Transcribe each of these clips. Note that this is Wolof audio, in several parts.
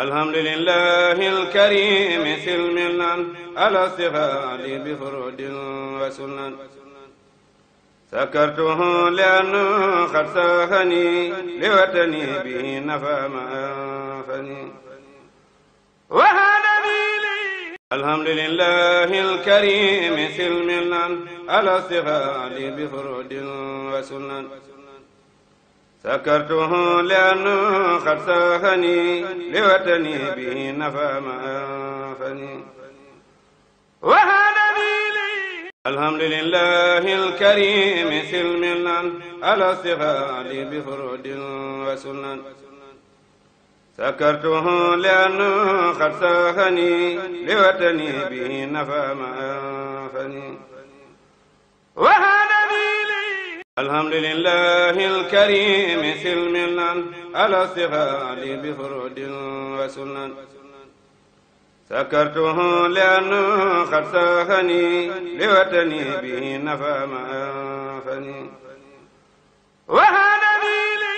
الحمد لله الكريم سلمنا على استفاد بفرد وسنن سكرته لأنه قد ساهني لوطني به نفى ما أنفني وهدني الحمد لله الكريم سلمنا على استفاد بفرد وسنن sakartuhu lianu xat saxani liwatani bi nafa ma anfani wahalani li alhamdulillahi alkarimi silmilan ala sixaali bi furudin wa sunan sakartuhu lianu xat saxani liwatani bi nafa ma anfani wahalani alhamdulillahi alkarimi silmilan alastihadi bi furudin wa sunan sakartuhu lianna qad sahani liwatani bihi nafa ma anfani wa hadani li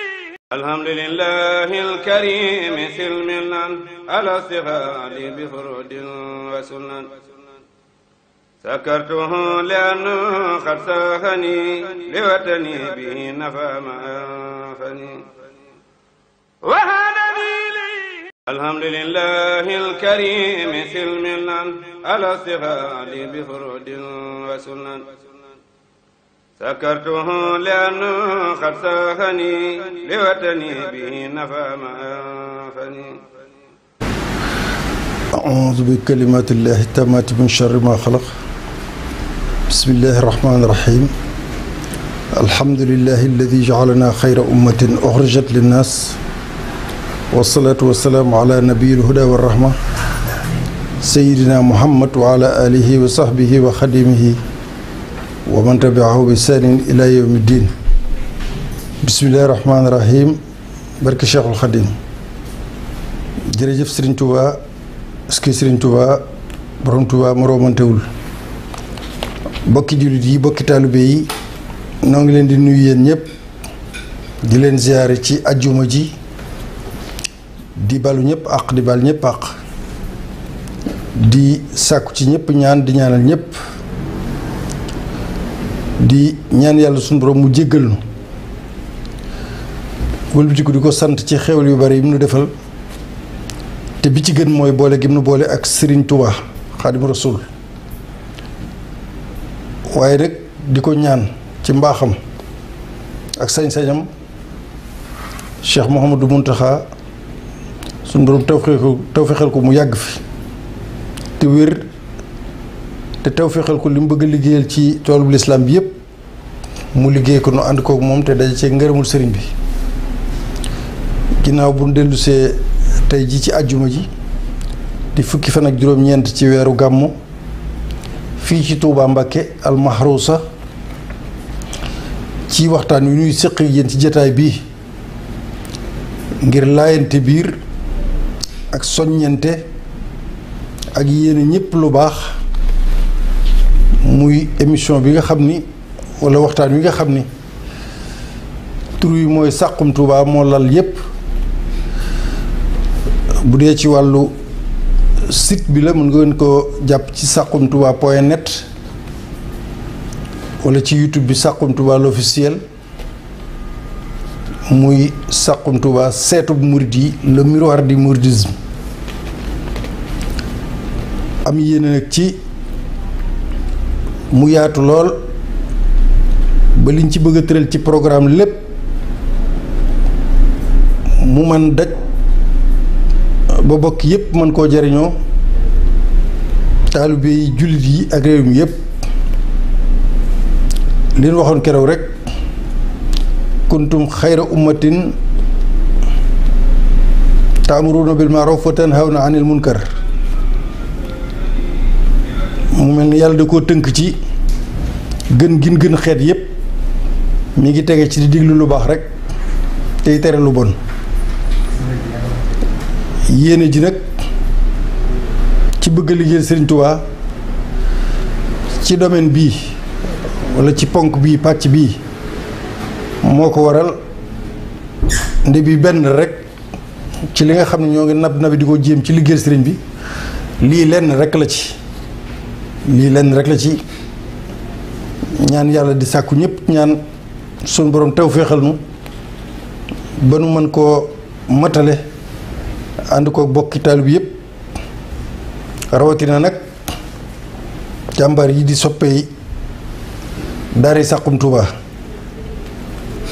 alhamdulillahi alkarimi silmilan alastihadi bi furudin wa sunan شكرته لأنه قد ساخني لوطني به نفى ما أنفني وهدني لي الحمد لله الكريم سلم الأن على استغالي بفرود وسنن سكرته لأنه قد ساخني لوطني به نفى ما أنفني أعوذ بكلمات الله التامات من شر ما خلق بسم الله الرحمن الرحيم الحمد لله الذي جعلنا خير أمة أخرجت للناس والصلاة والسلام على نبي الهدى والرحمة سيدنا محمد وعلى آله وصحبه وخدمه ومن تبعه بسان إلى يوم الدين بسم الله الرحمن الرحيم barke Cheikhul Khadim jërëjëf Serigne Touba est-ce que Serigne Touba borom Touba moroomantewul bokki jullit yi bokki taalibe yi noo ngi leen di nuyu yéen ñëpp di leen ziyaare ci ajjuma ji di balu ñëpp àq di bal ñëpp àq di sàkku ci ñëpp ñaan di ñaanal ñëpp di ñaan yàlla suñu borom mu jéggal nu wëlbatiku di ko sant ci xewal yu bari yi mu defal te bi ci gën mooy boole gi nu boole ak Serigne Touba Xaadimu Rasuul waaye rek di ko ñaan ci mbaaxam ak sañ-sañam Cheikh Mouhamadou Mountakha suñ borom tawféexal tawféexal ko mu yàgg fi te wér te tawféexal ko li mu bëgg a liggéeyal ci toolu lislaam bi yépp mu liggéey ko nu ànd kook moom te daje cee ngërëmul seriñ bi ginnaaw bu dellusee tey ji ci àjjuma ji di fukki fan ak juróom-ñeent ci weeru gàmmu fii ci Touba Mbacké al ci waxtaan wi ñuy sëq yéen ci jataay bii ngir laayante biir ak soññante ak yéen ñëpp lu baax muy émission bi nga xam ni wala waxtaan wi nga xam ni tur wi mooy Saxum Touba moo lal yépp bu dee ci wàllu site bi la mën ngeen ko jàpp ci Saxum Touba point net wala ci YouTube bi Saxum Touba l'officiel muy Saxum Touba seetub murid la le miroir du mouridisme am yéene nag ci mu yaatu lool ba liñ ci bëgg a tëral ci programme lépp mu man daj ba bokk yépp mën koo jariñoo taalibe yi jullit yi ak réew mi yépp li waxoon keroog rek kuntum xayra ummatin taamuruna bil maaruf wa tanhawna anil munkar mu mel ni yàlla da koo tënk ci gën gin gën xeet yépp mi ngi tege ci di diglu lu baax rek tey tere lu bon yéene ji nag ci bëgg liggéey liggéeyal Serigne ci domaine bii walla ci ponk bii pàcc bii moo ko waral nde bi benn rek ci li nga xam ne ñoo ngi nab nabi di ko jéem ci liggéey sëriñ bi lii lenn rek la ci lii lenn rek la ci ñaan yàlla di sàkku ñépp ñaan suñu borom taw féexal nu ba nu mën koo matale ànd ko bokki taalib yépp rawatina nag jàmbar yi di soppee daari Saxum Touba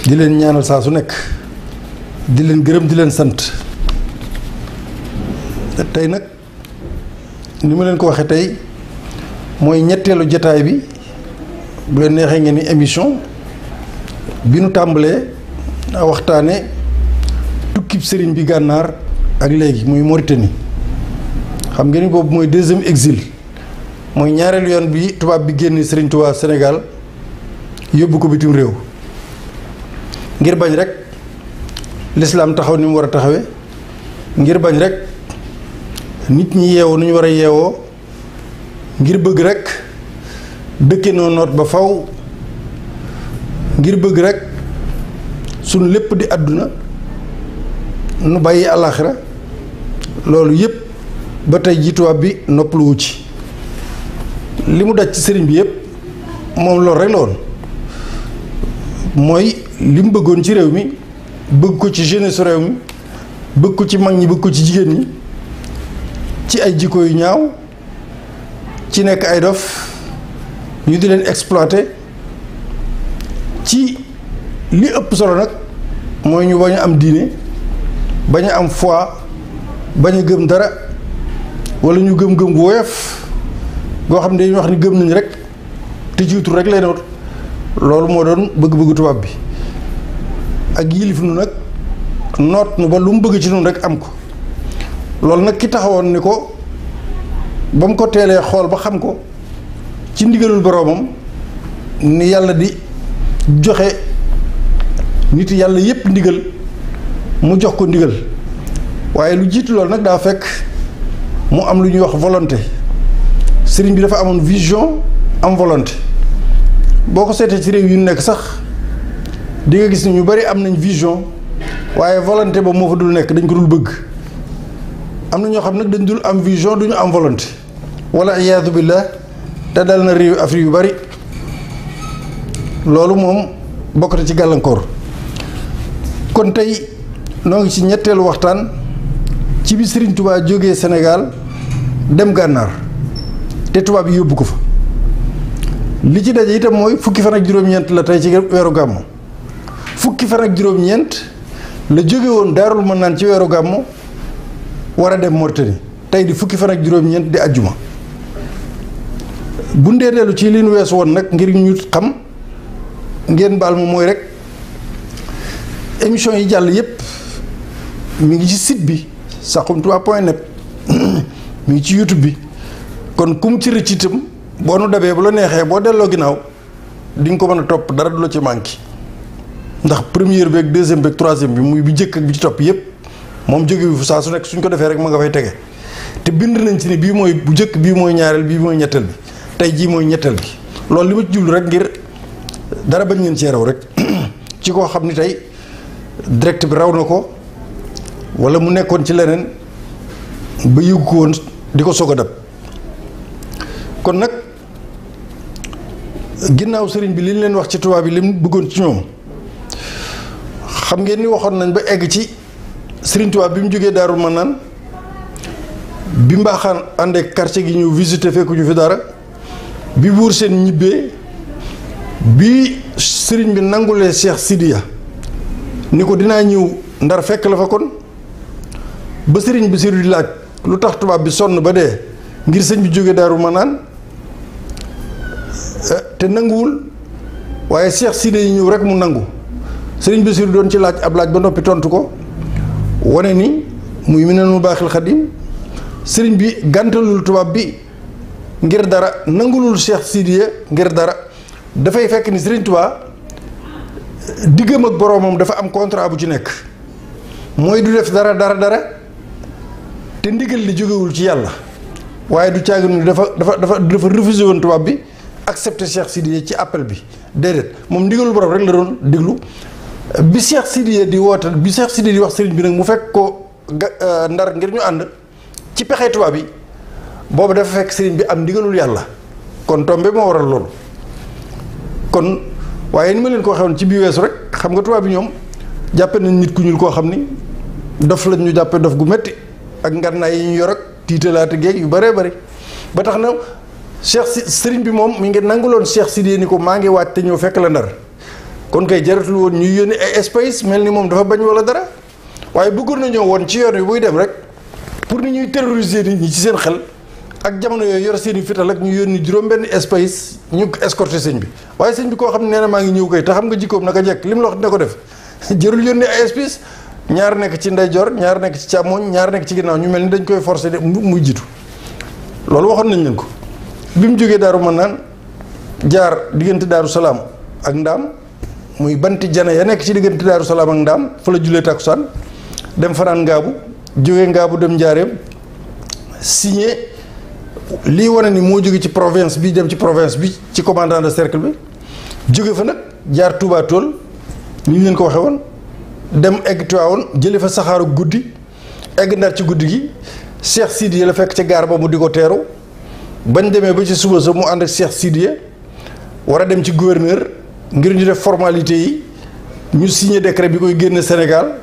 di leen ñaanal saa su nekk di leen gërëm di leen sant tey nag ni ma leen ko waxee tey mooy ñetteelu jataay bi bu leen neexee ngeen ni émission bi nu tàmbalee waxtaane tukkib sëriñ bi gànnaar ak léegi muy Mauritanie xam ngeen ni boobu mooy deuxième exil mooy ñaareelu yoon bi tubaab bi génn Serigne Touba Sénégal yóbbu ko bitim réew ngir bañ rekk lislaam taxaw ni mu war a taxawe ngir bañ rek nit ñi yeewoo nu ñu war a yeewoo ngir bëgg rek dëkke noo noot ba faw ngir bëgg rek suñ lépp di àdduna nu bàyyi àllaaxira loolu yëpp ba tey jiituwaat bi noppaluwu ci li mu daj ci sëriñ bi yëpp moom loolu rek la mooy li mu bëggoon ci réew mi bëgg ko ci jeunesse réew mi bëgg ko ci mag ñi bëgg ko ci jigéen ñi ci ay jikko yu ñaaw ci nekk ay dof ñu di leen exploité ci li ëpp solo nag mooy ñu bañ a am diine bañ a am foi bañ a gëm dara wala ñu gëm-gëm woyof goo xam ne dañuy wax ni gëm nañu rek te jiitu rek lay doon loolu moo doon bëgg-bëggu tubaab bi ak yilif nu nag noot nu ba lu mu bëgg ci noonu rek am ko loolu nag ki taxawoon ni ko ba mu ko teelee xool ba xam ko ci ndigalul boroomam ni yàlla di joxe nit yàlla yépp ndigal mu jox ko ndigal waaye lu jiitu loolu nag daa fekk mu am lu ñuy wax volonté sëriñ bi dafa amoon vision am volonté boo ko seetee ci réew yu nekk sax dinga gis ni ñu bari am nañ vision waaye volonté ba moo fa dul nekk dañ ko dul bëgg am na ñoo xam nag dañ dul am vision du ñu am volonté wala iyaatu billah te dal na réew Afrique yu bari loolu moom bokk na ci gàllankoor kon tey noo ngi ci ñetteelu waxtaan ci bi Serigne Touba jógee Sénégal dem gànnaar te tubaab yóbbu ko fa li ci daje itam mooy fukki fan ak juróom-ñeent la tey ci weeru gàmmu fukki fan ak juróom la jóge woon daarul mën naan ci weeru gàmmu war a dem Mauritanie tey di fukki fan ak juróom-ñeent di ajjuma bu ndeeteelu ci li nu wees woon nag ngir ñu xam ngeen baal ma mooy rek émission yi jàll yépp mu ngi ci sit bi. Saxum Touba point net mi ngi ci YouTube bi kon kum ci ci itam boo nu dabee bu la neexee boo delloo ginnaaw di nga ko mën a topp dara du la ci manqué ndax première bi ak deuxième bi ak troisième bi muy bi njëkk bi topp yépp moom jóge wu saa su nekk suñ ko defee rek ma nga fay tege te bind nañ ci ne bii mooy bu njëkk bii mooy ñaareel bii mooy ñetteel bi tey jii mooy ñetteel bi loolu li ma ci jublu rek ngir dara bañ leen cee raw rek ci koo xam ni tey direct bi raw na ko wala mu nekkoon ci leneen ba yëg ko woon di ko soog a dab kon nag ginnaaw sëriñ bi li ñu leen wax ci tubaab bi li mu bëggoon ci ñoom xam ngeen ni waxoon nañ ba egg ci sëriñ tubaab bi mu jógee daarul ma Manaan bi mbaaxaan àndee quartier gi ñu visité fekkuñu fi dara bi buur seen ñibbee bi sëriñ bi nangulee Cheikh Sidiya ni ko dinaa ñëw ndar fekk la fa kon ba sëriñ bi sëriñ laaj lu tax tubaab bi sonn ba dee ngir sëñ bi jóge daaru manaan eh, te nanguwul waaye seex si yi ñëw rek mu nangu sëriñ bi sëriñ doon ci laaj ab laaj ba noppi tontu ko wane ni muy mu neen mu baaxil xadim sëriñ bi gàntalul tubaab bi ngir dara nangulul Cheikh Sidiya ngir dara dafay fekk ni sëriñ Tuubaa diggam ak boroomam dafa am contrat bu ci nekk mooy du def dara dara dara te ndigal li jógewul ci yàlla waaye du caaginu dafa dafa dafa dafa refusé woon tubaab bi ak accepté Cheikh Sidiye ci appel bi déedéet moom ndigalul borom rek la doon diglu bi Cheikh Sidiye di woote bi Cheikh sidi di wax sëriñ bi nag mu fekk ko euh, ndar ngir ñu ànd ci pexe tubaab bi boobu dafa fekk sëriñ bi am ndigalul yàlla kon tombe moo waral loolu kon waaye ni ma leen ko waxee woon ci bi weesu rek xam nga tubaab bi ñoom jàppe nañ nit ku ñuul koo xam ni dof lañ ñu jàppe dof gu metti ak ngannaay yi ñu yor ak tiitalaate géeg yu bëree bëri ba tax na cheikh si seriñ bi moom mu ngi nanguloon cheikh Sidiye ni ko maa ngi waaj te ñëw fekk la ndar kon kay jaratul woon ñu yónni ay espace mel ni moom dafa bañ wala dara waaye bëggoon na ñëw woon ci yoon yi buy dem rek pour ni ñuy terroriser nit ñi ci seen xel ak jamono yooyu yor seen fital ak ñu yónni juróom-benn espace ñu escorté señ bi waaye sëñ bi koo xam ne nee na maa ngi ñëw kay te xam nga jikkoom naka jekk li wax dina ko def jërul yónni ay ñaar nekk ci ndeyjoor ñaar nekk ci càmmoñ ñaar nekk ci ginnaaw ñu mel ni dañ koy forcé de muy jiitu loolu waxoon nañ leen ko bi mu jógee daaru mën naan jaar diggante daaru salaam ak ndaam muy banti jana ya nekk ci diggante daaru salaam ak ndaam fa la jullee takkusaan dem fanaan ngaabu jógee ngaabu dem njaareem signé lii wane ni moo jóge ci province bi dem ci province bi ci commandant de cercle bi jóge fa nag jaar Touba Tool ni leen ko waxee woon dem egg Tiwaawoon jëlee fa saxaaru guddi egg Ndar ci guddi gi Cheikh yi la fekk ca gaar ba mu di ko teeru bañ demee ba ci suba sa mu ànd ak Cheikh Sidiye war a dem ci gouverneur ngir ñu def formalité yi ñu signé décret bi koy génne Sénégal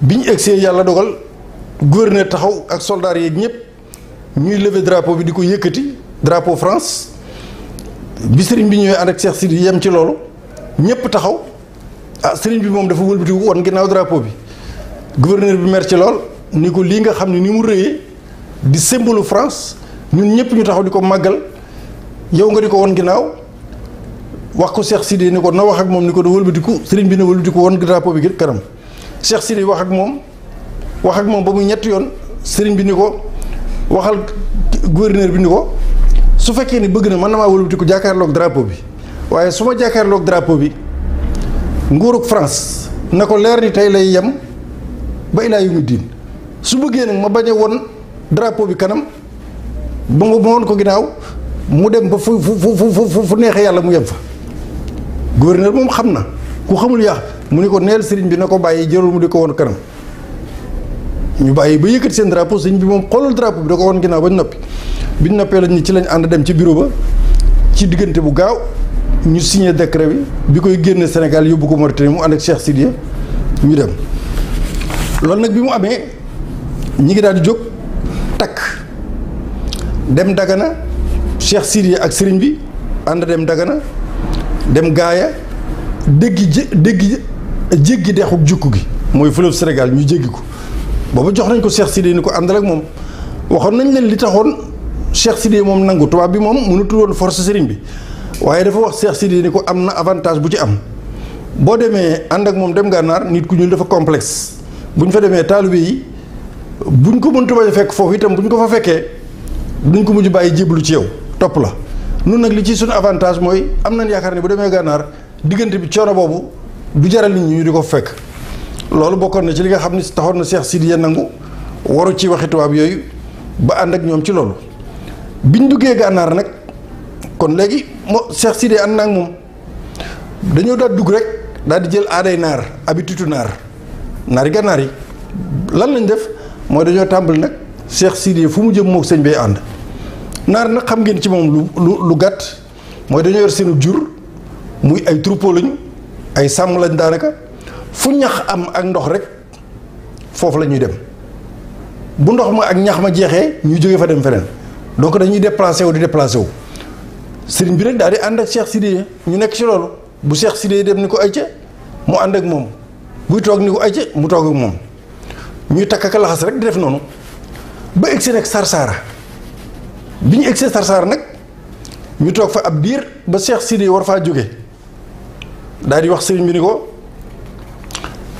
bi ñu see yàlla dogal gouverneur taxaw ak soldats yeeg ñëpp ñuy lever drapeau bi di ko yëkkati drapo France bi bi ñëwee ànd ak Cheikh yi yem ci loolu ñëpp taxaw. ah sëriñ bi moom dafa wëlbati woon ginnaaw drapeau bi gouverneur bi mer lool ni ko lii nga xam ne ni mu rëyee di symbole France ñun ñëpp ñu taxaw di ko màggal yow nga di ko woon ginnaaw wax ko Cheikh Sidi ni ko na wax ak moom ni ko da wëlbatiku sëriñ bi na wëlbatiku woon drapeau bi kanam Cheikh Sidi wax ak moom wax ak moom ba muy ñetti yoon sëriñ bi ni ko waxal gouverneur bi ni ko su fekkee ni bëgg na mën na maa wëlbatiku jàkkaarloog drapeau bi waaye su ma jàkkaarloog bi. nguurug France na ko leer ni tey lay yem ba ilaa yu mu diin su bëggee nag ma bañ a woon drapeau bi kanam ba nga ma woon ko ginnaaw mu dem ba fu fu fu fu neexee yàlla mu yem fa gouverneur moom xam na ku xamul yaax mu ni ko neel sëriñ bi na ko bàyyi jërul mu di ko woon kanam ñu bàyyi ba yëkkati seen drapeau sëriñ bi moom xoolul drapeau bi da ko woon ginnaaw bañ noppi biñ noppee lañ ni ci lañ ànd dem ci bureau ba ci diggante bu gaaw ñu signé décret bi bi koy génne Sénégal yóbbu ko Mauritanie mu ànd ak Cheikh Sidiye ñu dem loolu nag bi mu amee ñi ngi daal di jóg takk dem Dagana Cheikh yi ak sëriñ bi ànd dem Dagana dem Gaaya déggi jé déggi jéggi dexuk jukku gi mooy fleuve Sénégal ñu jéggi ko booba jox nañ ko Cheikh Sidiye ni ko àndal ak moom waxoon nañ leen li taxoon Cheikh Sidiye moom nangu tubaab bi moom mënatul woon force sëriñ bi waaye dafa wax Cheikh Sidi ni ko am na avantage bu ci am boo demee ànd ak moom dem gànnaar nit ku ñuul dafa complexe bu ñu fa demee taalibe yi buñ ko mëntu bañ a fekk foofu itam bu ñu ko fa fekkee duñ ko mujj bàyyi jéblu ci yow topp la nun nag li ci suñu avantage mooy am nañ yaakaar ne bu demee gànnaar diggante bi coono boobu du jaral nit ñi ñu fekk loolu bokkoon na ci li nga xam ne taxoon na Cheikh Sidiya nangu waru ci waxi tubaab yooyu ba ànd ak ñoom ci loolu biñ duggee gànnaar nag kon léegi moo Cheikh Sidé ànd naa ak moom dañoo daal dugg rek daal di jël aaday naar habitude naar naari gànnaar yi lan lañ def mooy dañoo tàmbali nag Cheikh Sidé fu mu jëm mook sëñ bay ànd naar nag xam ngeen ci moom lu lu lu gàtt mooy dañoo yor seenu jur muy ay troupeau lañu ay sàmm lañ daanaka fu ñax am ak ndox rek foofu la ñuy dem bu ndox ma ak ñax ma jeexee ñu jóge fa dem feneen donc dañuy déplacé wu di déplacé wu. sëriñ bi nag daal di ànd ak Cheikh Sidiye ñu nekk ci loolu bu Cheikh Sidiye dem ni ko ayca mu ànd ak moom buy toog ni ko ayca mu toog ak moom ñuy takk ak laxas rek di def noonu ba egsi nag Sarsara bi ñu egsee Sarsara nag ñu toog fa ab biir ba Cheikh Sidiye war faa jóge daal di wax sëriñ bi ni ko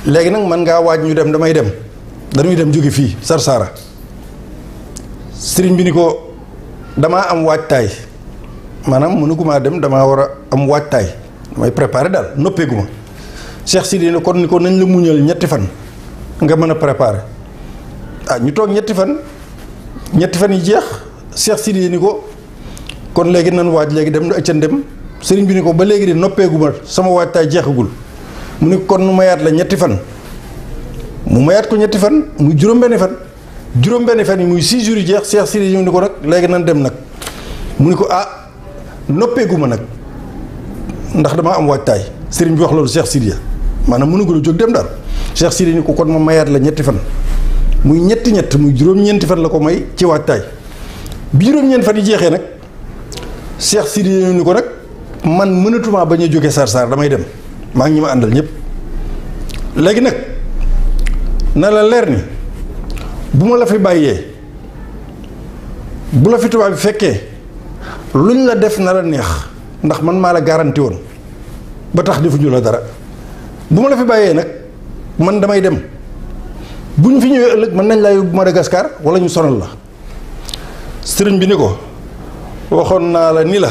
léegi nag man ngaa waaj ñu dem damay dem dañuy dem jóge fii Sarsara sëriñ bi ni ko damaa am waajtaay. maanaam maa dem damaa war a am waajtaay damay préparé daal noppeeguma Cheikh Sidi ne kon ni ko nañ la muñal ñetti fan nga mën a préparé ah ñu toog ñetti fan ñetti fan yi jeex Cheikh Sidi ni ko kon léegi nan waaj léegi dem ca dem sëriñ bi ni ko ba léegi de noppeeguma sama waajtaay jeexagul mu ni kon nu mayaat la ñetti fan mu mayaat ko ñetti fan mu juróom-benni juróom-benni fan yi muy six jours jeex Cheikh Sidi ñëw ni ko nag léegi nan dem nag mu ni ko ah noppeegu ma nag ndax damaa am waajtaay sëriñ bi wax loolu Cheikh Sidiya maanaam mënagul a jóg dem daal Cheikh Sidiya ni ko kon ma mayaat la ñetti fan muy ñetti ñett muy juróom-ñeenti fan la ko may ci waajtaay bi juróom-ñeenti fan yi jeexee nag Cheikh Sidiya ni ko nag man mënatumaa bañ a jóge Sar Sar damay dem maa ngi ma àndal ñëpp léegi nag na la leer ni bu ma la fi bàyyee bu la fi tubaab bi fekkee. luñ la def na la neex ndax man maa la garanti woon ba tax defuñu la dara bu ma la fi bàyyee nag man damay dem bu ñu fi ñëwee ëllëg mën nañ laa yóbbu Madagascar wala ñu sonal la sëriñ bi ni ko waxoon naa la ni la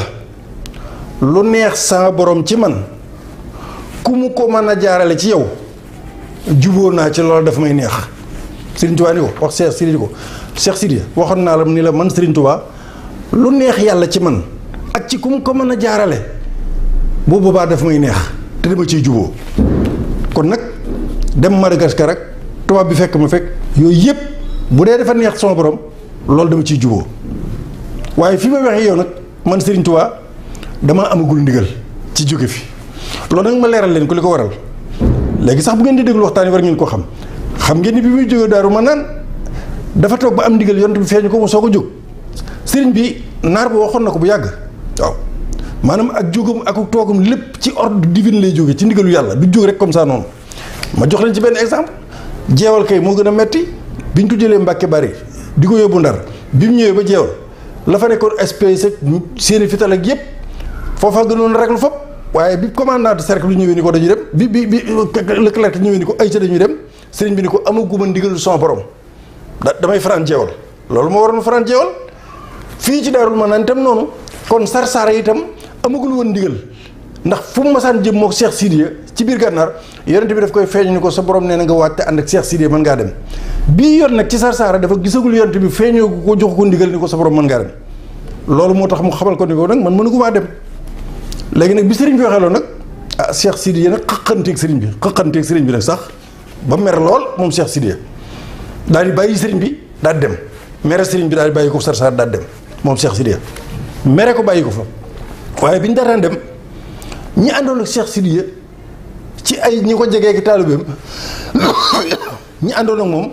lu neex sama borom ci man ku mu ko mën a jaarale ci yow juboo naa ci loolu dafa may neex sëriñ Tuubaa ni ko wax Cheikh Sidi ko Cheikh Sidi waxoon naa la ni la man sëriñ Tuubaa lu neex yàlla ci man ak ci ku mu ko mën a jaarale bu boobaa daf may neex te dama ciy juboo kon nag dem Madagascar ak tubaab bi fekk ma fekk yooyu yëpp bu dee dafa neex sama borom loolu dama ciy juboo waaye fi ma waxee yow nag man Serigne Touba damaa amagul ndigal ci jóge fi loolu nag ma leeral leen ko li ko waral léegi sax bu ngeen di déglu waxtaan yi war ngeen ko xam xam ngeen ni bi muy jógee daaru ma naan dafa toog ba am ndigal yonent bi feeñu ko soog a jóg. sëriñ bi naar ba waxoon na ko bu yàgg waaw maanaam ak jógam ak toogam lépp ci ordre divin lay jóge ci ndigalu yàlla du jóg rek comme ça noonu ma jox leen ci benn exemple jeewal kay moo gën a metti biñ ko jëlee Mbàkke Bari di ko yóbbu Ndar bi mu ñëwee ba jeewal la fa nekkoon espèce ak seeni fital ak yëpp foofa gënoon rek lu fop waaye bi commandant de cercle lu ñëwee ni ko dañu dem bi bi bi euh, le clerc ñëwee ni ko ay ca dañuy dem sëriñ bi ni ko amaguma ndigalu son borom da damay faran jeewal loolu moo waroon faran jeewal fii ci daarul manaan itam noonu kon sar-sara itam amagul woon ndigal ndax fu mu masaan jëm moo Cheikh Sidiya ci biir gànnaar yonent bi daf koy feeñu ni ko sa borom nee na nga wàtte ànd ak Cheikh Sidiya mën ngaa dem bii yoon nag ci sarsaara dafa gisagul yonent bi feeñoo ko jox ko ndigal ni ko sa borom mën ngaa dem loolu moo tax mu xamal ko ni ko nag man mënu ko maa dem léegi nag bi sëriñ bi waxee loolu nag ah Cheikh Sidiya nag xëqanteeg sëriñ bi xëqanteeg sëriñ bi nag sax ba mer lool moom Cheikh Sidiya daal di bàyyi sëriñ bi daal dem mere sëriñ bi daal di bàyyi ko sarsaara daal dem moom si Sidiya mere ko bàyyi ko fa waaye bi ñu daan dem ñu àndoon ak Cheikh Sidiya ci ay ñi ko jegee ak taalibeem ñi àndoon ak moom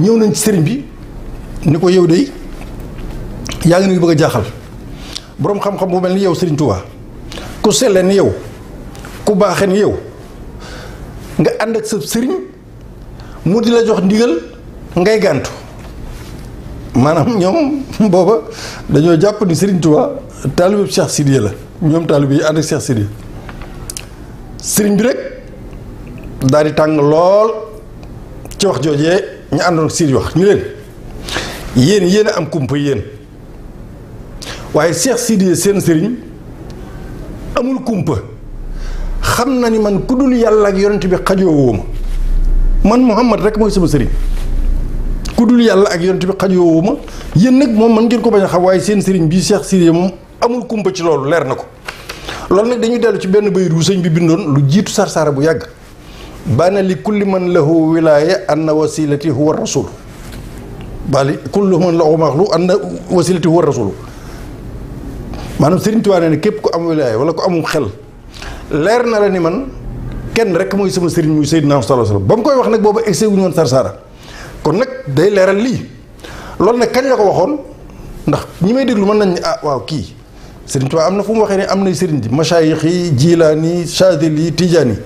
ñëw nañ ci sëriñ bi ni ko yow de yaa ngi nuy bëgg a jaaxal boroom xam-xam bu mel ni yow Sëriñ Tuubaa ku selle ni yow ku baaxe ni yow nga ànd ak sëriñ mu di la jox ndigal ngay gàntu maanaam ñoom booba dañoo jàpp ni Serigne Touba taalibe Cheikh Sidiya la ñoom taalibe yi ànd ak Cheikh Sidiya Serigne bi rek daal di tàng lool ci wax joojee ñu àndoon ak Sidi wax ñu leen yéen yéen a am kumpa yéen waaye Cheikh Sidiya seen Serigne amul kumpa xam na ni man ku dul yàlla ak yonent bi xajoo wooma man Muhammad rek mooy sama Serigne. ku dul yàlla ak yonent bi xajoowu ma yéen nag moom man ngeen ko bañ a xam waaye seen sëriñ bii Cheikh si moom amul kumpa ci loolu leer na ko loolu nag dañuy dellu ci benn bayit wu bi bindoon lu jiitu sarsaara bu yàgg baana li kulli man lahu wilaaya anna wasilati huwa rasul bali kulli man lahu maxlu anna wasilati huwa rasul maanaam sëriñ Tuubaa ne na képp ku am wilaaya wala ko amum xel leer na la ni man kenn rek mooy sama sëriñ muy Seydina sallallahu alayhi wasallam ba mu koy wax nag booba egseguñu woon sarsaara kon nag day leeral lii loolu nag kañ la ko waxoon ndax ñi may déglu mën nañ ne ah waaw kii Serigne Touba am na fu mu waxee ne am na sëriñ ji masaayix yi jilaani chadil yi tijaan yi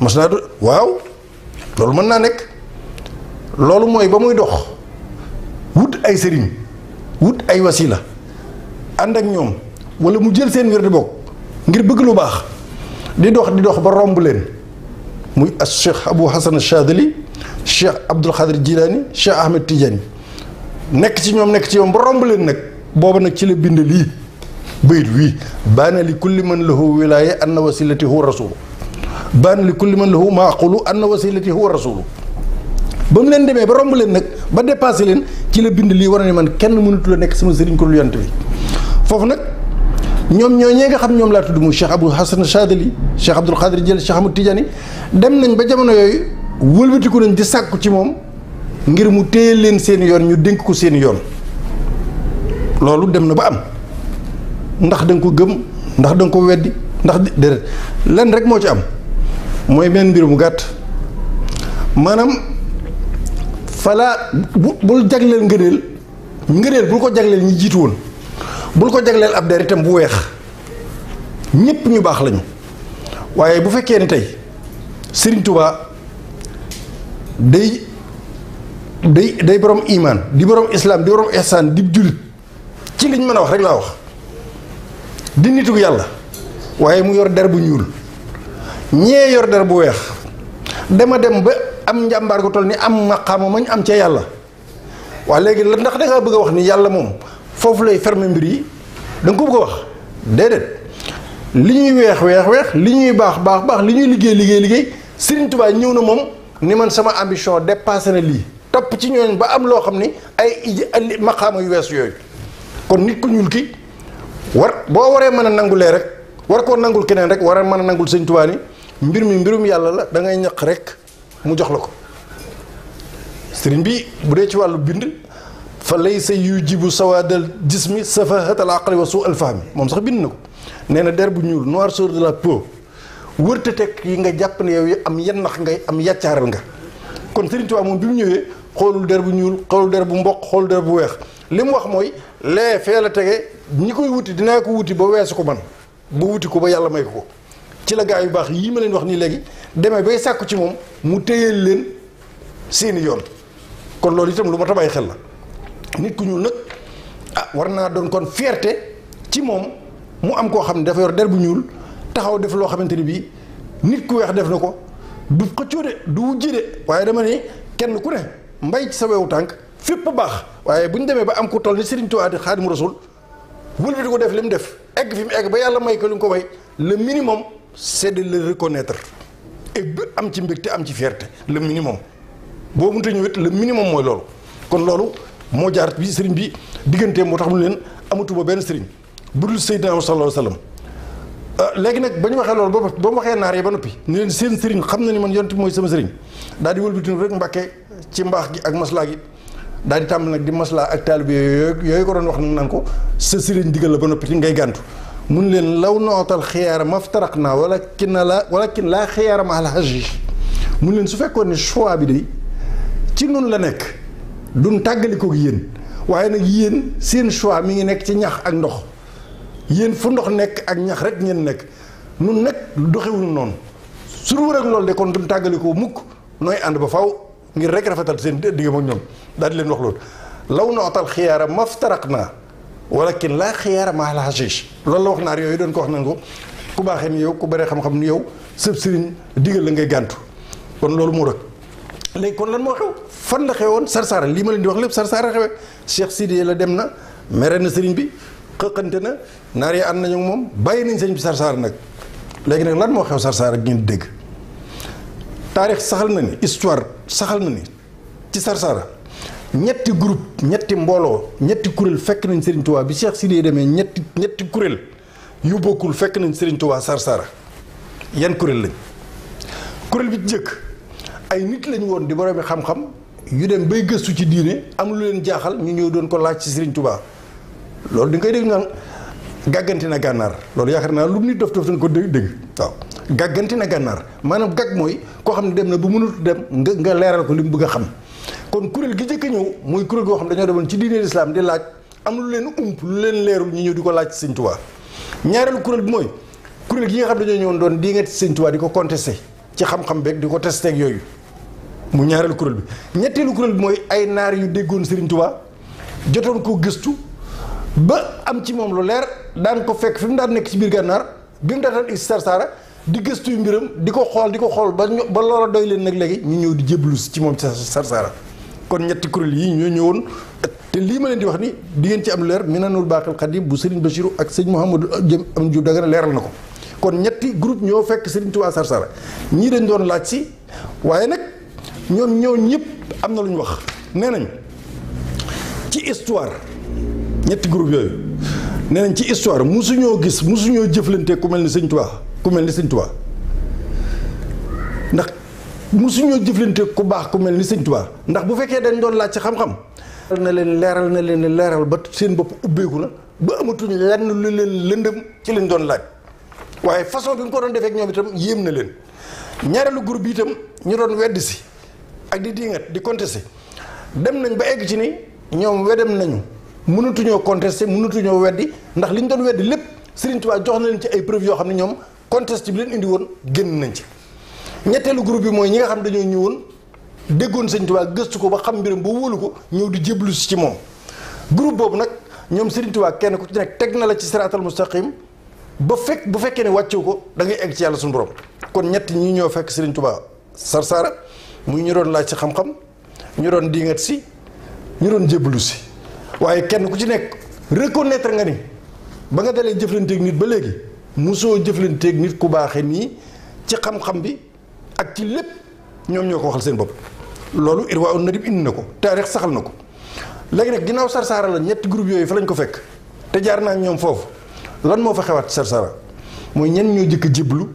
mas naa waaw loolu mën naa nekk loolu mooy ba muy dox wut ay sëriñ wut ay wasila ànd ak ñoom wala mu jël seen wér di bokk ngir bëgg lu baax di dox di dox ba romb leen muy as cheikh Abou Hassan Cheikh Abdul Xadir Jilaani Cheikh Ahmed Tidiane nekk ci ñoom nekk ci ñoom ba romb leen nag booba nag ci la bind lii bayit wii baana li kulli man lahu wilaaya anna wasilati huwa rasulu baana li kulli man lahu maaqulu anna wasilati huwa rasulu ba mu leen demee ba romb leen nag ba dépassé leen ci la bind lii war ne man kenn mënatu la nekk sama sëriñ ko lu yant bi foofu nag ñoom ñoo ñee nga xam ñoom laa tudd mu Cheikh Abou Hassan Chadali Cheikh Abdoul Khadir Jël Cheikh Ahmad Tidiane dem nañ ba jamono yooyu wëlbatiku nañ di sàkku ci moom ngir mu téye leen seen yoon ñu dénk ko seen yoon loolu dem na ba am ndax danga ko gëm ndax da nga ko weddi ndax déedéet lenn rek moo ci am mooy benn mbir mu gàtt maanaam falaa bu bul jagleel ngëneel ngëneel bul ko jagleel ñi jiitu woon bul ko jagleel ab der itam bu weex ñépp ñu baax lañu waaye bu fekkee ne tey Serigne Touba day day day borom imaan di borom islaam di borom ihsaan di jullit ci liñ mën a wax rek laa wax di nitu yàlla waaye mu yor der bu ñuul ñee yor der bu weex dama dem ba am njàmbaar gu toll ni am maqaama mañ am ca yàlla waa léegi la ndax da ngaa bëgg a wax ni yàlla moom foofu lay fermer mbir yi da nga ko bëgg a wax déedéet li ñuy weex weex weex li ñuy baax baax baax li ñuy liggéey liggéey liggéey Serigne Touba ñëw na moom ni man sama ambition dépassé na lii topp ci ñooñ ba am loo xam ni ay maqaama yu wees yooyu kon nit ku ñuul ki war boo waree mën a nangulee rek war koo nangul keneen rek war a mën a nangul sëñ Tuubaa ni mbir mi mbirum yàlla la da ngay ñaq rek mu jox la ko sëriñ bi bu dee ci wàllu bind fa lay sa yu jibu sawaadal jismi safahatal aqli wa su alfahmi moom sax bind na ko nee na der bu ñuul noirceur de la peau wërta tekk yi nga jàpp ne yow am yan nax ngay am yàccaaral nga kon Serigne Touba moom bi mu ñëwee xoolul der bu ñuul xoolul der bu mboq xoolul der bu weex li mu wax mooy lee fee la tege ñi koy wuti dinaa ko wuti ba weesu ko man bu wuti ko ba yàlla may ko ci la gaa yu baax yii ma leen wax nii léegi deme bay sàkku ci moom mu téyeel leen seeni yoon kon loolu itam lu ma tabaay xel la nit ku ñuul nag ah war naa doon kon fierté ci moom mu am koo xam ne dafa der bu ñuul taxaw def loo xamante ni bii nit ku weex def na ko du xëccoo de du wujji de waaye dama ne kenn ku ne mbay ci sa wewu tànk fépp baax waaye bu ñu demee ba am ko toll ni Serigne Touba di Xaadimu Rasuul wëlbati di ko def li mu def egg fi mu egg ba yàlla may ko li mu ko may le minimum c'est de le reconnaître et am ci mbégte am ci fierté le minimum boo mënta ñëw it le minimum mooy loolu kon loolu moo jaar bi sëriñ bi digganteem moo tax mu leen amatu ba benn sëriñ bu dul sallallahu alayhi wa sallam Euh, léegi nag ba ñu waxee loolu boobu ba waxee naar yi ba noppi ni leen seen sëriñ xam na ni man yonent bi mooy sama sëriñ daal di wëlbatiku rek mbàkke ci mbaax gi ak maslaa gi daal di nag di maslaa ak taalibe yooyu yooyu ko doon wax nag naan ko sa sëriñ digal la ba noppi ngay gàntu mun leen law nootal xiyaara maftaraq naa wala kin na la wala kin laa xiyaara ma al mun leen su fekkoon ne choix bi de ci nun la nekk duñ tàggalikoo yéen waaye nag yéen seen choix mi ngi nekk ci ñax ak ndox yéen fu ndox nekk ak ñax rek ngeen nekk nun nag doxewuñu noonu suru rek loolu de kon duñ tàggale ko mukk nooy ànd ba faw ngir rek rafetal seen digg ak ñoom daal di leen wax loolu law na otal xiyaara maftaraq naa walakin laa xiyaara maa la xashish loolu la wax naar yooyu doon ko wax nañ ku baaxee ni yow ku bare xam-xam ni yow sëb sëriñ digal la ngay gàntu kon loolu moo rek léegi kon lan moo xew fan la xewoon Sarsara lii ma leen di wax lépp Sarsara xewe Cheikh Sidiye la dem na mere na sëriñ bi xëqante na naar yi ànd nañu moom bàyyi nañ sëñ bi sarsaar nag léegi nag lan moo xew sarsaar ak ngeen dégg taarix saxal na ni histoire saxal na ni ci sarsaara ñetti groupe ñetti mbooloo ñetti kuréel fekk nañ Serigne Touba bi Cheikh Sidé demee ñetti ñetti kuréel yu bokkul fekk nañ Serigne Touba sarsaara yan kuréel lañ kuréel bi jëkk ay nit lañu woon di boroomi xam-xam yu dem bay gëstu ci diine am lu leen jaaxal ñu ñëw doon ko laaj ci Serigne Touba. loolu di nga koy dégg naan gàgganti na gànnaar loolu yaakaar naa lu nit dof dof dañ ko dégg waaw gàgganti na gànnaar maanaam gàgg mooy koo xam ne dem na bu mënut dem nga nga leeral ko li mu bëgg a xam kon kuréel gi njëkk a ñëw mooy kuréel goo xam ne dañoo demoon ci diine lislaam di laaj am lu leen ump lu leen leerul ñu ñëw di ko laaj Sëñ Tuubaa ñaareelu kuréel bi mooy kuréel gi nga xam dañoo ñëwoon doon di nga Sëñ Tuubaa di ko contesté ci xam-xam beeg di ko tes ak yooyu mu ñaareelu kuréel bi ñetteelu kuréel bi mooy ay naar yu déggoon Sëriñ Tuubaa jotoon ko gëstu ba am ci moom lu leer daan ko fekk fi mu daan nekk ci biir gànnaar bi mu daan isi di gëstu yu mbiram di ko xool di ko xool ba ba loola doy leen nag léegi ñu ñëw di jébbalu si ci moom ci sarsaara kon ñetti kurél yi ñoo ñëwoon te lii ma leen di wax ni di ngeen ci am leer Minanul Baaxil Xadim bu Serigne Bachirou ak sëñ Mouhamadou Jëm am Diop danga leeral na ko kon ñetti groupe ñoo fekk Serigne Touba Sarsara ñii dañ doon laaj si waaye nag ñoom ñëw ñëpp am na lu ñu wax nee nañ ci histoire. ñetti groupe yooyu nee nañ ci histoire musuñoo gis musuñoo jëflante ku mel ni Sëñ ku mel ni Sëñ Tuubaa ndax musuñoo jëflante ku baax ku mel ni Sëñ Tuubaa ndax bu fekkee dañ doon laaj ci xam-xam. na leen leeral na leen leeral ba seen bopp ubbeeku na ba amatuñu lenn lu leen lëndëm ci liñ doon laaj waaye façon bi nga ko doon defee ak ñoom itam yéem na leen ñaareelu groupe bi itam ñu doon wedd si ak di diingat di contesté dem nañ ba egg ci ni ñoom weddem nañu. mënatuñoo contester mënatuñoo weddi ndax li ñu doon weddi lépp Serigne Touba jox na leen ci ay preuve yoo xam ne ñoom conteste bi leen indi woon génn nañ ci. ñetteelu groupe bi mooy ñi nga xam dañoo ñëwoon déggoon Serigne Touba gëstu ko ba xam mbiram ba wóolu ko ñëw di jéblu si ci moom groupe boobu nag ñoom Serigne Touba kenn ku ci nekk teg na la ci siraatal mustaqim ba fekk bu fekkee ne wàccewu ko dangay ngay egg ci yàlla suñu borom kon ñett ñi ñoo fekk Serigne Touba sarsaara muy ñu doon laaj si xam-xam ñu doon diingat si ñu doon jéblu si waaye kenn ku ci nekk reconnaître nga ni ba nga dalee jëflanteeg nit ba léegi mosoo jëflanteeg nit ku baaxee nii ci xam-xam bi ak ci lépp ñoom ñoo ko waxal seen bopp loolu irwa un nadib indi na ko taarix saxal na ko léegi nag ginnaaw sarsaara la ñetti groupe yooyu fa lañ ko fekk te jaar naa ñoom foofu lan moo fa xewaat sarsaara mooy ñenn ñoo jëkk jiblu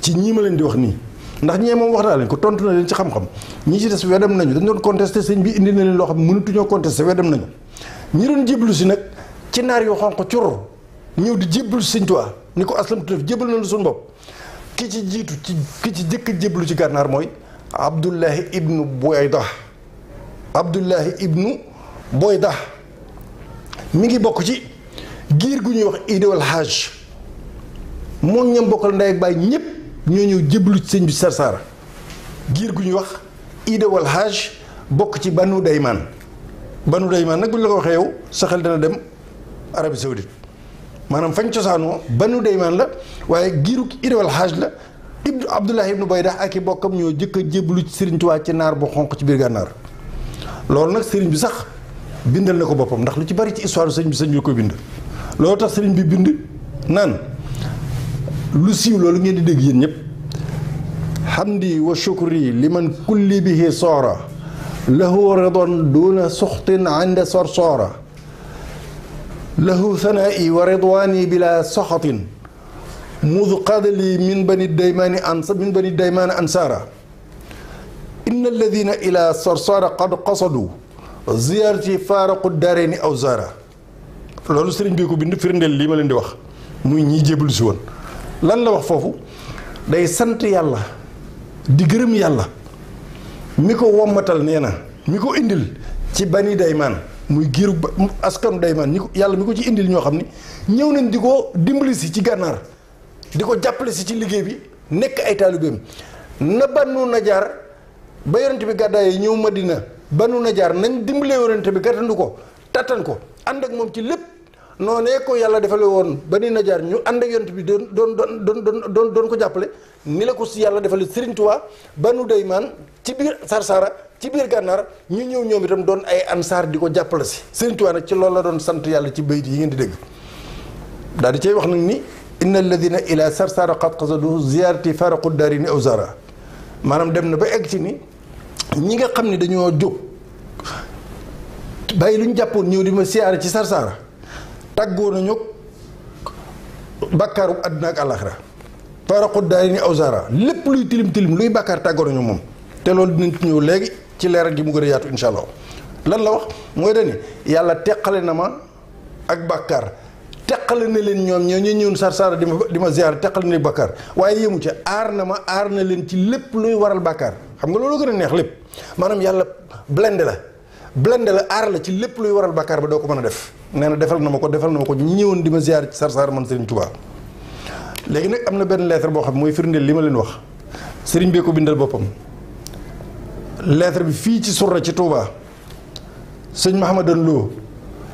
ci ñii ma leen di wax nii ndax ñee moom wax naa leen ko tontu na leen ci xam-xam ñii ci des weddam nañu dañ contesté sëñ bi indi na leen mënatuñoo contesté weddam nañu ñi doon jéblu si nag ci naar yu xonq cur ñëw di jéblu si Sëñ Tuubaa ni ko aslamtu def jébal na lu suñu bopp ki ci jiitu ci ki ci jëkk jéblu ci gànnaar mooy Abdullahi ibnu Boyda Abdullahi ibnu Boyda mu ngi bokk ci giir gu ñuy wax idéwal hajj moom ñam bokkal ndey ak baay ñëpp ñoo ñëw jéblu ci sëñ bi sarsara giir gu ñuy wax idéwal hajj bokk ci banu daymaan banu deymaan nag bu ñu la ko waxee yow sa xel dana dem Arabie Saoudite maanaam fañ cosaanoo banu daymaan la waaye giiru idawal xaaj la ibnu Abdullahi ibnu Bayda ak i bokkam ñoo jëkk a jébbalu ci Serigne ci naar bu xonq ci biir gànnaar loolu nag Serigne bi sax bindal na ko boppam ndax lu ci bari ci histoire sëriñ bi sëriñ bi ko bind loolu tax sëriñ bi bind naan lu siiw loolu ngeen di dégg yéen ñëpp hamdi wa shukri liman kulli bihi soora lahu ridon duna suxtin inda sorsoora lahu sanaa'i wa ridwaani bila soxatin mudu qadali min bani daymaani ans min bani daymaani ansaara inna alladina ila sorsoora qad qasadu ziyaarati faaraqu daareeni aw zaara loolu sëriñ bi ko bind firndeel lii ma leen di wax muy ñiy jébbalu si woon lan la wax foofu day sant yàlla di gërëm yàlla mi ko wommatal nee na mi ko indil ci bani daymaan muy giiru askanu daymaan ñi ko yàlla mi ko ci indil ñoo xam ni ñëw nañ di ko dimbali si ci gànnaar di ko jàppale si ci liggéey bi nekk ay taalibeem na bannu najaar ba yonent bi gàddaay ñëw ma madina bannu najaar nañ dimbale yonent bi gàttandu ko tattan ko ànd ak moom ci lépp noonee ko yàlla defale woon bani najaar ñu ànd ak yonent bi doon doon doon doon doon ko jàppale ni la ko si yàlla defale Sëriñ Tuubaa banu daymaan ci biir Sarsara ci biir gànnaar ñu ñëw ñoom itam doon ay ansaar di ko jàppale si Sëriñ ci lool la doon sant yàlla ci bayit yi ngeen di dégg daal di cay wax nag ni inna alladina ila Sarsara qad qasadu ziyarati faraqu daarini aw maanaam dem na ba egg ci ni ñi nga xam ne dañu jóg bàyyi lu ñu jàppoon ñëw di ma siyaare ci Sarsara tàggoo nañu bàkkaaru àdduna ak àllaaxira faraqu ni aw zara lépp luy tilim tilim luy bàkkaar tàggoo nañu moom te loolu dinañ ci ñëw léegi ci leeral gi mu gën a yaatu incha allah lan la wax mooy dani yàlla teqale na ma ak bàkkaar teqale na leen ñoom ñoo ñu ñëwoon sar sara di ma di ma ziar teqale na bàkkaar waaye yëmu ci aar na ma aar na leen ci lépp luy waral bàkkaar xam nga loolu gën neex lépp maanaam yàlla blende la blende la aar la ci lépp luy waral bàkkaar ba doo ko mën a def nee na defal na ma ko defal na ko ñi ñëwoon di ma ziar ci sar sara man Serigne Touba léegi nag am na benn lettre boo xam mooy firndeel li ma leen wax Serigne bee ko bindal boppam lettre bi fii ci surra ci Touba sëñ ma doon Lo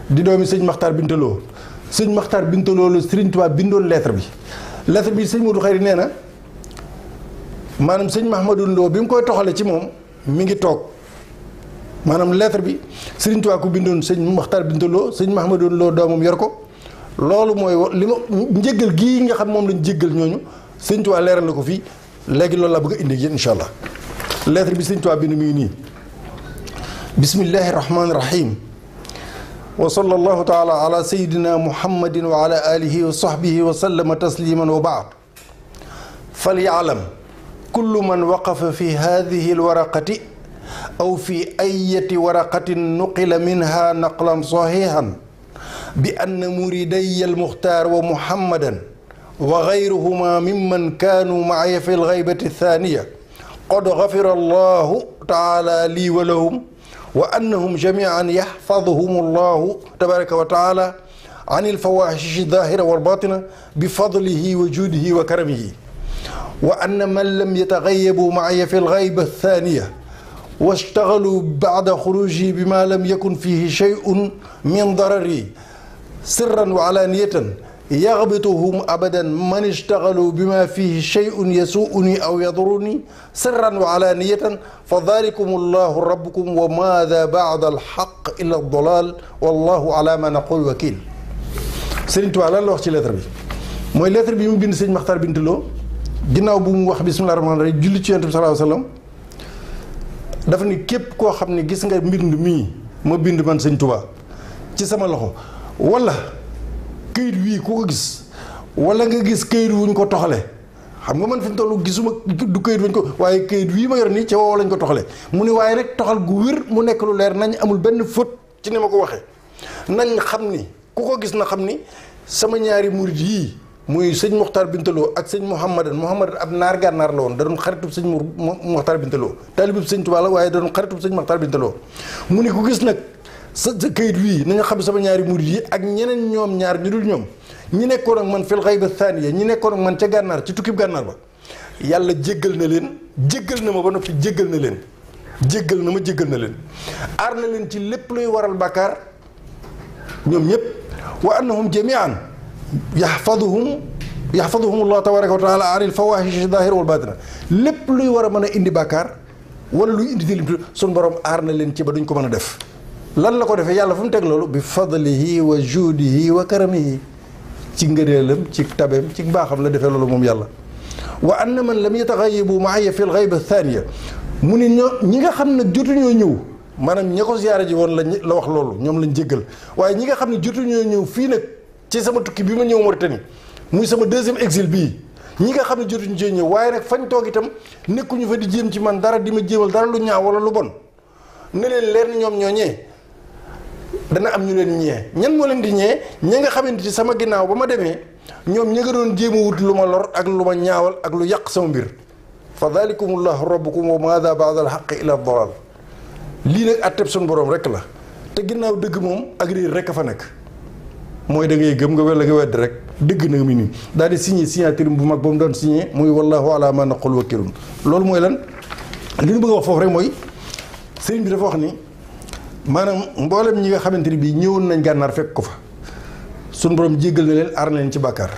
di doomi sëñ maxtar Binta Lo sëñ maxtar Binta Lo la sëriñ bindoon lettre bi lettre bi sëñ Modou Khayri nee na maanaam sëñ Mahamadan Lo bi mu koy toxale ci moom mi ngi toog maanaam lettre bi sëriñ Touba ku bindoon sëñ Maxtaar Binta Lo sëñ Mahamadan Lo doomam yor ko loolu mooy li ma njëggal gii nga xam moom lañ jéggal ñooñu sëñ Touba leeral na ko fii léegi loolu laa bëgg a indi ak yéen lettre bi sëñ Tuubaa bi nu muy nii bismillahi rahmaani rahim wa sallallahu taala ala sayidina muhammadin wa ala alihi wa sahbihi wa sallama tasliman wa baad fal yaalam kullu man waqafa fi hadihi alwaraqati aw fi ayati waraqatin nuqila minha naqlan sahihan bi anna muridaya almuxtaar wa muhammadan wa gayruhuma mimman kaanu macaya fi algaybati althaniya qad gafira allahu taala lii wa lahum wa annahum jamian yaxfaduhum allahu tabaraka wa taala an ilfawaxishi dahira walbatina bifadlihi wa juudihi wa karamihi wa anna man lam yataxayabu maaya fi lxayba athaniya wastagalu bacda xuruji bima lam yakun fihi sheyun min darari sirran wa alaniyatan yaxbituhum abadan man ishtaxalu bima fihi shay'un yasuuni aw yaduruni sirran wa alaaniyatan fa dalikum allahu rabbukum wa maada baada alxaq illa dalal wallahu ala ma naqul wakil Sëriñ Tuubaa lan la wax ci lettre bi mooy lettre bi mu bind sëñ Maxtaar Bintaloo ginnaaw bu mu wax bismillahi rahmaani rahiim julli ci Yonent bi sallallahu alayhi wa sallam dafa ni képp koo xam ne gis nga mbind mii ma bind man sëñ Tuubaa ci sama loxo wala këyit wii ku ko gis wala nga gis këyit wuñ ko toxale xam nga man fi toll gisuma du këyit wuñ ko waaye këyit wii ma yor nii ca woo lañ ko toxale mu ne waaye rek toxal gu wér mu nekk lu leer nañ amul benn faute ci ne ma ko waxee nañ xam ni ku ko gis na xam ni sama ñaari murit yii muy sëñ Mokhtar Bintaloo ak sëñ Mouhamadan Mouhamadan ab naar gànnaar la woon da doon xaritub sëñ Mokhtar Bintaloo taalibib sëñ Tuubaa la waaye da doon xaritub sëñ Mokhtar mu ne ku gis nag sa sa kayit wii na nga xam sama ñaari murid yi ak ñeneen ñoom ñaar ñu dul ñoom ñi nekkoon ak man fil xayba thaniya ñi nekkoon ak man ca gànnaar ci tukkib gànnaar ba yàlla jéggal na leen jéggal na ma ba noppi jéggal na leen jéggal na ma jéggal na leen aar na leen ci lépp luy waral bàkkaar ñoom ñëpp wa annahum jamian yaxfaduhum yaxfaduhum allah tabaraka wa taala an il fawahish zahira wal batina lépp luy war a mën a indi bàkkaar wala luy indi tilim sun borom aar na leen ci ba duñ ko mën a def lan la ko defee yàlla fu mu teg loolu bi fadlihi wa juudihi wa karamihi ci ngëneelam ci tabeem ci mbaaxam la defee loolu moom yàlla wa na man lam yataxayibu maaya fi lxayba thaniya mu ni ñoo ñi nga xam ne jotuñoo ñëw maanaam ña ko ziyaare ji woon lañ la wax loolu ñoom lañ jéggal waaye ñi nga xam ne jotuñoo ñëw fii nag ci sama tukki bi ma ñëw Mauritanie muy sama deuxième exil bii ñi nga xam ne jotuñu cee ñëw waaye nag fañ toog itam nekkuñu fa di jéem ci man dara di ma jéemal dara lu ñaaw wala lu bon ne leen leer ñoom ñoo ñooñee dana am ñu leen ñee ñan moo leen di ñee ña nga xamante ci sama ginnaaw ba ma demee ñoom ñi nga doon jéem a wut lu ma lor ak lu ma ñaawal ak lu yàq sama mbir fa dalikum llahu rabbukum wa maada baada alxaqi ila dalal lii nag atteb suñu boroom rek la te ginnaaw dëgg moom ak réer rek a fa nekk mooy da gëm nga wala nga wedd rek dëgg na mi ni daal di signé signature bu mag ba mu doon signé muy wallahu ala na naqul wakilun loolu mooy lan li ñu bëgg a wax foofu rek mooy sëriñ bi dafa wax nii maanaam mboolem ñi nga xamante ni bii ñëwoon nañ gànnaar fekk ko fa sunu borom jéggal na leen aar na leen ci bàkkaar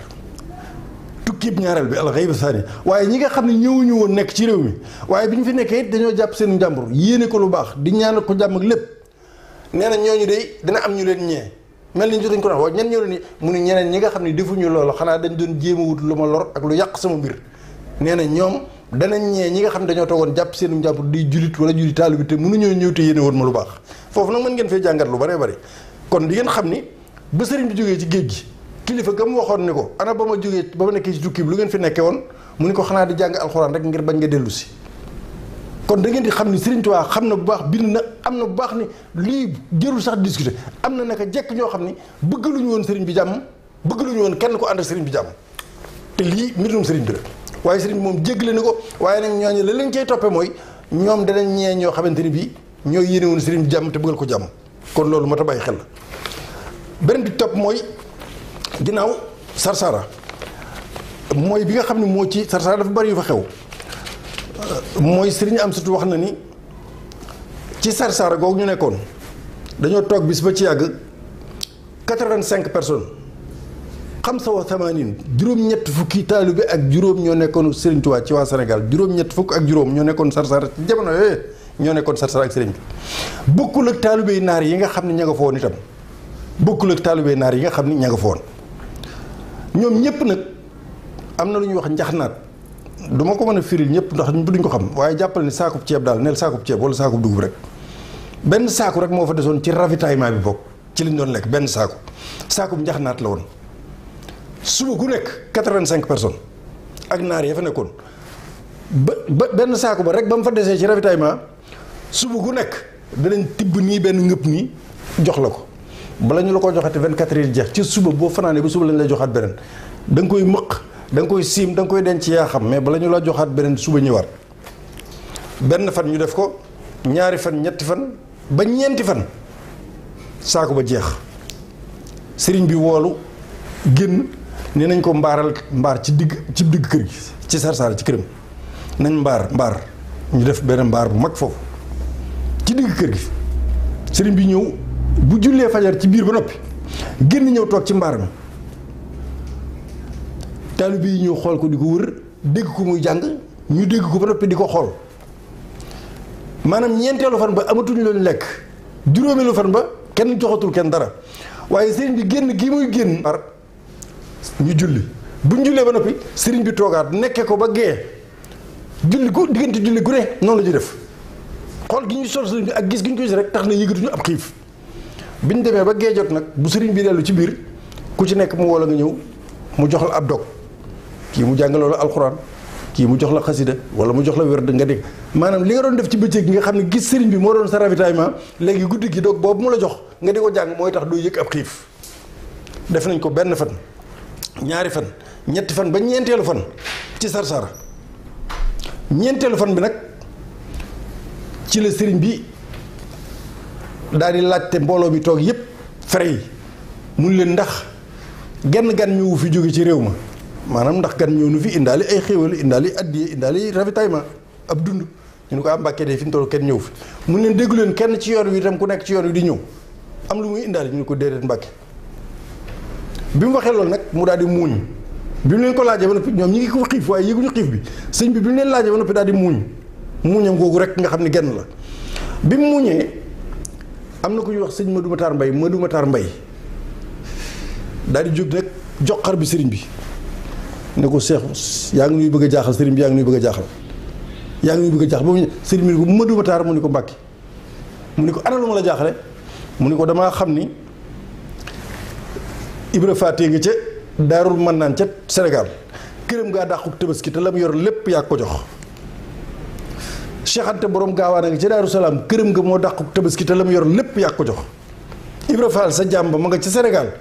tukkib ñaareel bi alxayba saani waaye ñi nga xam ne ñëwuñu woon nekk ci réew mi waaye bi ñu fi nekkee dañoo jàpp seen njàmbur yéene ko lu baax di ko jàmm lépp nee na ñooñu de dina am ñu leen ñee mel ni jotuñ ko wax waaye ñen ñoo leen mu ne ñeneen ñi nga xam ne defuñu loolu xanaa dañ doon jéem a wut lu ma lor ak lu yàq sama mbir nee na ñoom danañ ñee ñi nga xam ne dañoo toogoon jàpp seen njàmbur di julit wala julit taalu bi te mënuñoo ñëw te yéene woon ma lu baax foofu nag mën ngeen fee jàngat lu bëree bëri kon di ngeen xam ni ba sëriñ bi jógee ci géej gi kilifa ga mu waxoon ni ko ana ba ma jógee ba ma nekkee ci tukki bi lu ngeen fi nekkee woon mu ni ko xanaa di jàng alxuraan rek ngir bañ nga dellu si kon dangeen di xam ni Sëriñ Tuubaa xam na bu baax bind na am na bu baax ni lii jërul sax discuter am na naka jekk ñoo xam ni bëgg lu ñu woon sëriñ bi jàmm bëgg lu ñu woon kenn ko ànd ak sëriñ bi jàmm te lii mbirum sëriñ bi waaye sëriñ bi moom jéggale ni ko waaye nag ñooñu la leen cay toppe mooy ñoom danañ ñee ñoo xamante ni bii ñoo yéene woon sëriñ bi jàmm te bëggal ko jàmm kon loolu moo tax bàyyi xel la beneen bi topp mooy ginnaaw sarsara mooy bi nga xam ne moo ci sarsara dafa bari yu fa xew mooy sëriñ am surtout wax na ni ci sarsara googu ñu nekkoon dañoo toog bi bis ba ci yàgg quatre-vingt-cinq personnes xam sa wa samaanin juróom ñetti fukki taalibe ak juróom ñoo nekkoon sëriñ Tuubaa ci waa Sénégal juróom-ñett fukk ak juróom ñoo nekkoon sarsara ci jamono yooyu ñoo nekkoon sarsar ak sëriñ bi bokkul ak taalibey naar yi nga xam ne ña nga fa woon itam bokkul ak taalibey naar yi nga xam ne ña nga fa ñoom ñëpp nag am na lu ñuy wax njaxnaat du ma ko mën a firil ñëpp ndax duñ ko xam waaye jàppal ni saakub ceeb daal neel saakub ceeb wala saakub dugub benn saaku rek moo fa desoon ci ravitaillement bi bokk ci liñ doon lekk benn saaku saakub njaxnaat la woon suba nekk quatre-vingt-cinq ak naar ya fa nekkoon ba benn saaku ba rek ba mu fa desee ci ravitaillement suba gu nekk danañ tibb nii benn ngëpp nii jox la ko bala ñu la ko joxate 24 heures jeex ci suba boo fanaanee ba suba lañ la joxaat beneen danga koy mëq danga koy siim danga nga koy denc yaa xam mais bala ñu la joxaat beneen suba ñëwaat benn fan ñu def ko ñaari fan ñetti fan ba ñeenti fan saako ba jeex sëriñ bi woolu génn ne nañ ko mbaaral mbaar ci digg ci digg kër gi ci sarsaar ci këram nañ mbaar mbaar ñu def benn mbaar bu mag foofu ci digg kër gi sëriñ bi ñëw bu jullee fajar ci biir ba noppi génn ñëw toog ci mbaar mi taalibe yi ñëw xool ko di ko wër dégg ko muy jàng ñu dégg ko ba noppi di ko xool maanaam ñeenteelu fan ba amatuñ loolu lekk juróomeelu fan ba kenn joxatul kenn dara waaye sëriñ bi génn gi muy génn par ñu julli buñ jullee ba noppi sëriñ bi toogaat nekkee ko ba gee julli ko diggante julli gu ne noonu la ñu def xool gi ñuy sol sëriñ bi ak gis gi ñu ko gis rek tax na yëgatuñu ab xiif bi ñu demee ba gee jot nag bu sëriñ bi dellu ci biir ku ci nekk mu woo la nga ñëw mu jox la ab dog kii mu jàngaloo loolu alxuraan kii mu jox la xasida wala mu jox la wérd nga dégg maanaam li nga doon def ci bëccëg gi nga xam ne gis sëriñ bi moo doon sa ravitaillement léegi guddi gi dog boobu mu la jox nga di ko jàng mooy tax doo yëg ab xiif def nañ ko benn fan ñaari fan ñetti fan ba ñeenteelu ci sar-sara bi nag ci la sëriñ bi daal di laaj te mbooloo mi toog yépp fere yi mun leen ndax genn gan ñëwu fi jóge ci réew ma maanaam ndax gan ñëw nu fi indaale ay xéwal indaale addiye indaale ravitaillement ab dund ñu ne ko am ah, mbàkkee de fi mu toll kenn ñëw fi mun leen déggu leen kenn ci yoon wi itam ku nekk ci yoon wi di ñëw am lu muy indaale ñu ne ko déedéet mbàkke bi mu waxee loolu nag mu daal di muuñ bi mu leen ko laajee ba noppi ñoom ñi ngi ko xiif waaye yëguñu xiif bi bi bi mu leen laajee noppi daal di muuñ muñam googu rek nga xam ne genn la bi mu am na ku ñuy wax sëñ Madou mbay Mbaye Madou Matar Mbaye daal di jóg nag jox xar bi sëriñ bi ne ko seex yaa ngi bëgg a jaaxal bi yaa ngi nuy bëgg a jaaxal yaa ngi nuy bëgg a jaaxal ba mu sëriñ bi ne ko Madou mu ne ko Mbàkke mu ni ko ana ma la jaaxale mu ni ko damaa xam ni Ibra Faté nga ca Daarul Mannaan ca senegal këram ngaa dàqu tabaski te la mu yor lépp yaa ko jox Cheikh Anta borom gaawaan a nga ci Daaru Salaam këram nga moo dàq tabaski te la mu yor lépp yaa ko jox Ibra Fall sa jàmba ma nga ca Sénégal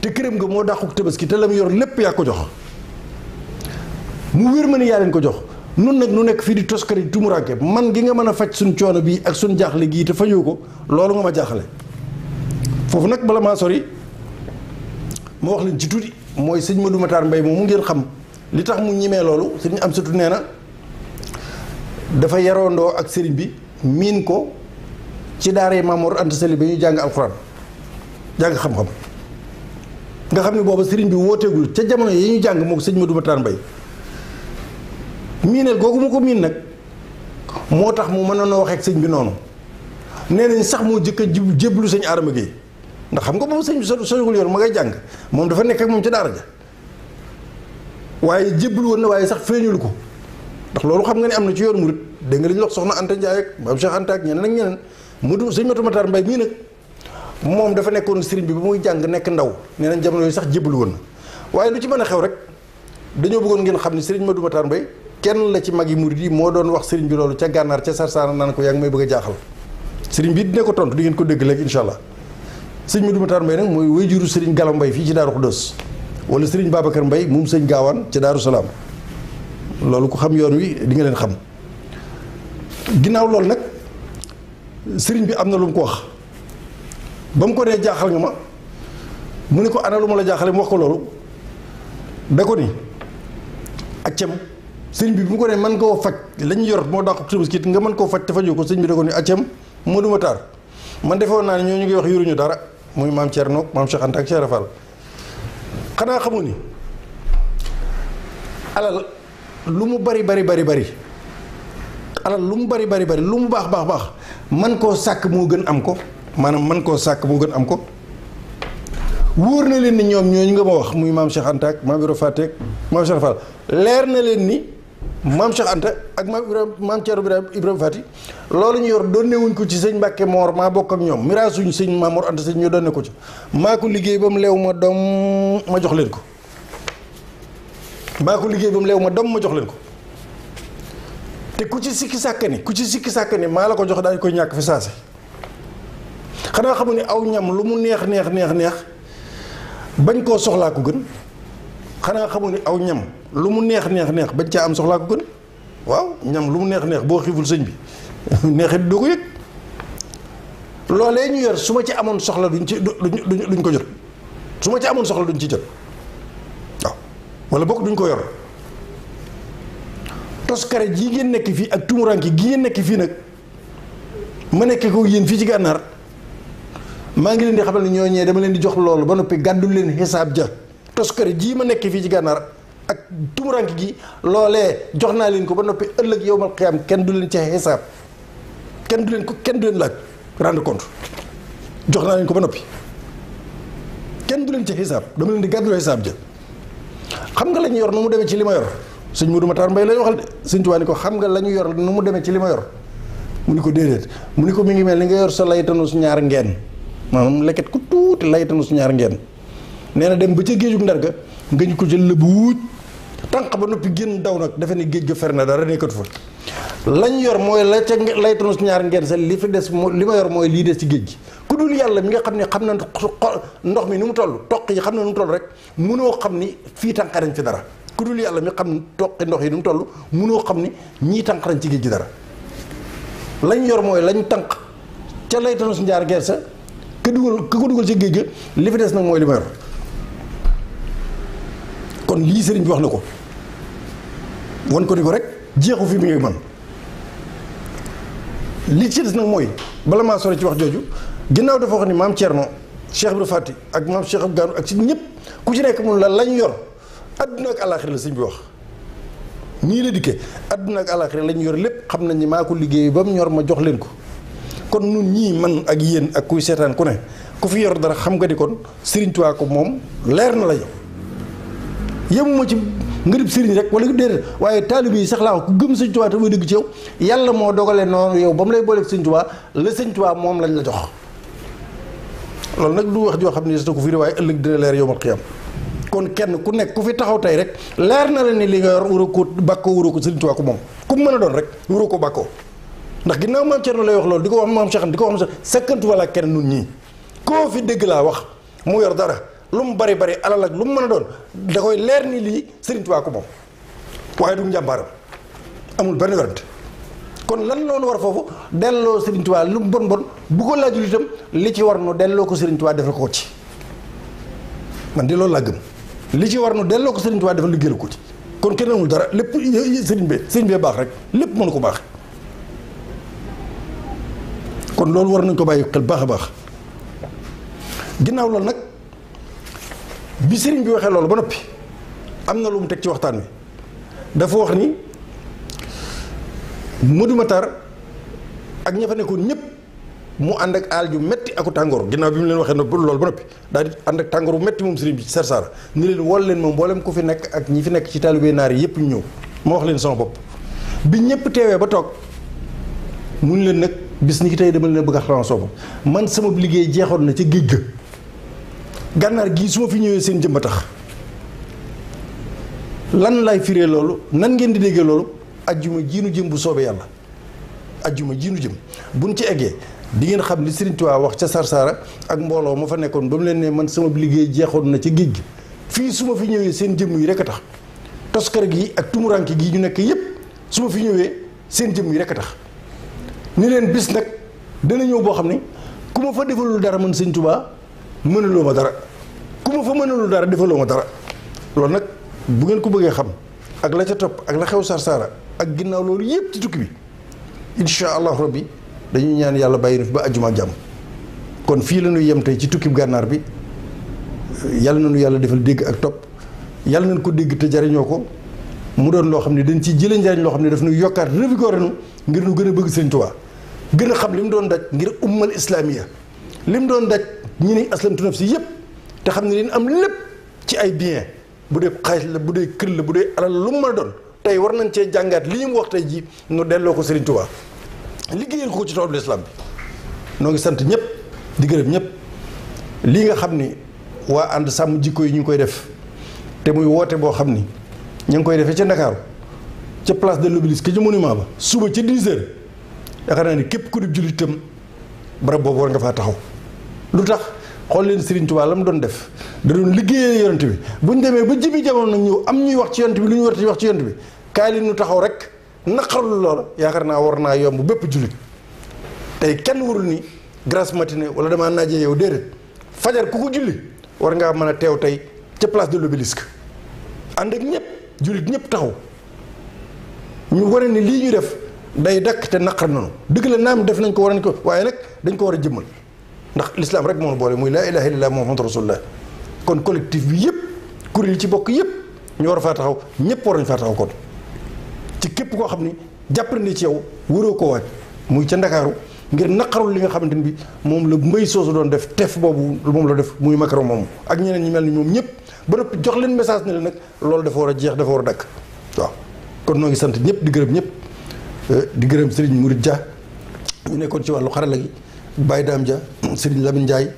te këram nga moo dàq tabaski te la mu yor lépp yaa ko jox mu wér ma ni yaa leen ko jox nun nag nu nekk fii di toskari tumuraanke man gi nga mën a faj suñ coono bi ak suñ jaaxle gii te fajoo ko loolu nga ma jaaxle foofu nag bala maa sori ma wax leen ci tuuti mooy sëñ Modou Matar Mbaye moom mu ngeen xam li tax mu ñimee loolu sëñ am satu nee na dafa yaroondoo ak sëriñ bi miin ko ci yi Maamoor Anta Sali bi ñuy jàng alxuraan jàng xam-xam nga xam ne booba sëriñ bi wooteegul ca jamono yi ñu jàng mook sëñ ma duma taan mbay miineel ko miin nag moo tax mu mënoon a waxee ak sëñ bi noonu nee nañ sax moo jëkk a jébbalu sëñ Adama Gueye ndax xam nga moom sëñ bi soñugul ma ngay jàng moom dafa nekk ak moom ca daara ja waaye jébbalu woon na waaye sax feeñul ko ndax loolu xam nga ne am na ci yoonu murit dégg nga li ñu wax soxna Anta Ndiaye ak Maam Cheikh Anta ak ñeneen ak ñeneen mutu sëñ Matu Matar Mbay mii nag moom dafa nekkoon sëriñ bi ba muy jàng nekk ndaw nee jamono yooyu sax jébbalu woon na waaye lu ci mën a xew rek dañoo bëggoon ngeen xam ne sëriñ Matu Matar Mbay kenn la ci mag yi murit yi moo doon wax sëriñ bi loolu ca gànnaar ca sarsaara naan ko yaa ngi may bëgg a jaaxal sëriñ bi dina ko tontu di ngeen ko dégg léegi incha allah sëriñ Matu Matar Mbay nag mooy wayjuru sëriñ Galo Mbay fii ci Daaru Xuddoos wala sëriñ Babacar Mbay moom sëñ Gaawaan ca Daaru Salaam loolu ku xam yoon wi di leen xam ginnaaw loolu nag sëriñ bi am na lu mu ko wax ba mu ko nee jaaxal nga ma mu ne ko ana lu ma la jaaxale mu wax ko loolu da ko ni accam sëriñ bi bu mu ko nee mën koo faj lañ yor moo dàq tabaski nga mën koo faj te fajoo ko sëriñ bi da ko ni accam moo duma taar man defoon naa ne ñoo ñu ngi wax yoruñu dara muy maam Thierno maam Cheikh Anta ak Cheikh Rafal xanaa xamu ni alal lu mu bari bari bari bari alal lu mu bari bari bari lu mu baax baax baax man koo sàkk moo gën am ko maanaam man koo sàkk moo gën am ko wóor na leen ni ñoom ñu nga ma wax muy maam Cheikh Anta ak maam Ibra maam Cheikh Fall leer na leen ni maam Anta ak maam Ibrahima maam Thierno Ibrahima Fati loolu ñu yor donne wuñ ko ci sëñ Mbàkke Moor maa bokk ak ñoom miraasuñ sëñ Maamoor Anta sëñ ñu donne ko ci maa ko liggéey ba mu leew ma doom ma jox leen ko. maa ko liggéey ba mu leew ma dom ma jox leen ko te ku ci sikki sàkka ni ku ci sikki sàkka ni maa la ko jox daal koy ñàkk fi saase xanaa xamu ne aw ñam lu mu neex neex neex neex bañ koo soxlaa ko gën xanaa xamu aw ñam lu mu neex neex neex bañ caa am soxlaa ko gën waaw ñam lu mu neex neex boo xiiful sëñ bi neexit doo ko yëg loolee ñu yor su ma ci amoon soxla duñ ci duñ duñ ko jot su ma ci amoon soxla duñ ci jot wala bokk duñ ko yor toskare ji ngeen nekk fii ak tumuraanke gi ngeen nekk fii nag ma nekk ko yéen fii ci gànnaar maa ngi leen di xamal ne ñooñee dama leen di jox loolu ba noppi gàddul leen xisaab ja toskare ji ma nekk fii ci gànnaar ak tumuranki gi loolee jox naa leen ko ba noppi ëllëg yowmal xiyaam kenn du leen ci xisaab kenn du leen ko kenn du leen laaj rendre compte jox naa leen ko ba noppi kenn du leen ci xisaab dama leen di gàddul xisaab ja xam nga la ñu yor nu mu demee ci li ma yor suñ Modou Matar Mbaye la ñu waxal de sëñ Tuubaa ko xam nga la ñu yor nu mu demee ci li ma yor mu ni ko déedéet mu ni ko mi ngi mel ni nga yor sa laytanu su ñaar ngeen maanaam leket ku tuuti laytanu su ñaar ngeen nee na dem ba ca géejug ndar ga nga ñu ko jël la bu wuuj tànq ba noppi génn daw nag dafa ne géej ga fer na dara nekkatu fa lañ yor mooy la ca laytanu su ñaar ngeen sa li fi des moo li ma yor mooy lii des ci géej gi ku dul yàlla mi nga xam ne xam na ndox mi nu mu toll toq yi xam na nu mu toll rek mënoo xam ni fii tànqarañ fi dara ku dul yàlla mi xam toqi ndox yi nu mu toll mënoo xam ni ñii tànqarañ ci géej gi dara lañ yor mooy lañ tànq ca lay tanu si njaar gersa ki dugal ki ko dugal ci géej ga li fi des nag mooy li ma yor kon lii sëriñ bi wax na ko wan ko ko rek jeexu fi mu ngi man li ci des nag mooy bala maa sore ci wax jooju ginnaaw dafa wax ni maam Thierno Cheikh Ibrahima Fati ak maam Cheikh Abdou Ganou ak si ñëpp ku ci nekk mun la lañ yor adduna ak àllaaxira la sëñ bi wax. ñii la dikkee àdduna ak àllaaxira lañ yor lépp xam nañ ni maa ko liggéey ba mu ñor ma jox leen ko kon nun ñii man ak yéen ak kuy seetaan ku ne ku fi yor dara xam nga di kon Serigne Touba ko moom leer na la yow yemuma ci. ngërib sëriñ rek wala déedéet waaye taalibe yi sax laa wax ku gëm sëñ tuwaa te muy dëgg ci yow moo dogalee noonu yow ba lay booleeg sëñ Tuubaa la moom lañ la jox loolu nag du wax joo xam ne gis na ko fii waaye ëllëg dina leer yowmal xiyam kon kenn ku nekk ku fi taxaw tey rek leer na la ni li nga yor wuroo ko bàkkoo wuroo ko Sëriñ ko moom ku mu mën a doon rek wuroo ko bàkkoo ndax ginnaaw maam Cerno lay wax loolu di ko wax maam Cheikh di ko wax maam sekkantu wala kenn nun ñii dégg laa wax mu yor dara lu mu bari bari alal ak lu mu mën a doon da koy leer ni lii Sëriñ Tuubaa ko moom waaye du njàmbaaram amul benn werante kon lan loolu war foofu delloo Serigne Touba lu mu bon bon bu ko laajul itam li ci war nu delloo ko Serigne Touba defal koo ci man di loolu laa gëm li ci war nu delloo ko Serigne Touba defal liggéeyal ko ci kon kenn amul dara lépp Serigne bi Serigne bee baax rek lépp mënu ko baax kon loolu war nañ ko bàyyi xel baax a baax ginnaaw loolu nag bi Serigne bi waxee loolu ba noppi am na lu mu teg ci waxtaan wi dafa wax nii mu Modou tar ak ña fa nekkoon ñëpp mu ànd ak aal ju metti aku tàngoor ginnaaw bi mu leen waxee ne loolu ba noppi daal di ànd ak tàngoor bu metti moom sëriñ bi sar ni leen wol leen moom mboolem ku fi nekk ak ñi fi nekk ci taalibe naar yi yëpp ñu ñëw ma wax leen sama bopp bi ñëpp teewee ba toog mun leen nag bis ni ki tey dama leen bëgg a xalaat sama man sama liggéey jeexoon na ci géej ga gànnaar gii su ma fi ñëwee seen a tax lan lay firee loolu nan ngeen di déggee loolu ajjuma jiinu jëm bu soobee yàlla ajjuma jiinu jëm buñ ci eggee di ngeen xam li Serigne Touba wax ca Sarsara ak mbooloo ma fa nekkoon ba mu leen ne man sama liggéey jeexoon na ca géej gi fii su ma fi ñëwee seen jëmm yi rek a tax toskar gi ak tumuranke gi ñu nekk yépp su ma fi ñëwee seen jëmm yi rek a tax ni leen bis nag dana ñëw boo xam ne ku ma fa defalul dara man Serigne Touba mënaloo ma dara ku ma fa mënalul dara defaloo ma dara loolu nag bu ngeen ko bëggee xam ak la ca topp ak la xew Sarsara ak ginnaaw loolu yëpp ci tukki bi incha allahu rabbi dañuy ñaan yàlla bàyyi na fi ba ajuma jàmm kon fii la ñuy yem tey ci tukki gànnaar bi yàlla nañu yàlla defal dégg ak topp yàlla nañ ko dégg te jariñoo ko mu doon loo xam ne dañ ciy jële njariñ loo xam ne daf ñuy yokkaat revigoré nu ngir nu gën a bëgg sëñ Tuubaa gën a xam li mu doon daj ngir ummal islamiya li mu doon daj ñu ni aslamtu si yëpp te xam ne leen am lépp ci ay bien bu dee xaalis la bu dee kër bu dee alal lu mu mën tey war nañ cee jàngaat lii mu wax tey ji nu delloo ko Serigne Touba liggéeyal ko ci toolu lislaam bi noo ngi sant ñëpp di gërëm ñëpp lii nga xam ni waa ànd sàmm jikko yi ñu ngi koy def te muy woote boo xam ni ñu ngi koy defee ca Ndakaaru ca place de l'Obélisque ca monument ba suba ca 10 heures yaakaar naa ni képp ku di jullit itam barab boobu war nga faa taxaw lu tax xool leen Serigne Touba la mu doon def da doon liggéeyee yonent bi bu ñu demee ba jibi jamono nag am ñuy wax ci yonent bi lu ñu war wax ci yonent bi kaay li ñu taxaw rek naqarlu loola yaakaar naa war naa yomb bépp jullit tey kenn warul ni grasse matinée wala damaa naajee yow déedéet fajar ku ko julli war ngaa mën a teew tey ca place de l'obélisque ànd ak ñëpp jullit ñëpp taxaw ñu wane ni lii ñu def day dakk te naqar noonu dëgg la naam def nañ ko war nañ ko waaye nag dañ ko war a jëmmal ndax l'islam rek moo boole muy laa ilaha illallah muhammadu rasulullah kon collectif bi yëpp kuréel yi ci bokk yëpp ñu war ñëpp war nañ faa ci képp koo xam ne jàpp na ci yow waroo ko waaj muy ca ndakaaru ngir naqarul li nga xamante ni bi moom la mbay soosu doon def teef boobu moom la def muy Macron moom ak ñeneen ñi mel ni ñoom ñëpp ba noppi jox leen message ne la nag loolu dafa war a jeex dafa war a dakk waaw kon noo ngi sant ñëpp di gërëm ñëpp eh, di gërëm Serigne Mouride Dia ñu nekkoon ci wàllu xarala gi Baye ja Dia Serigne Lamine Ndiaye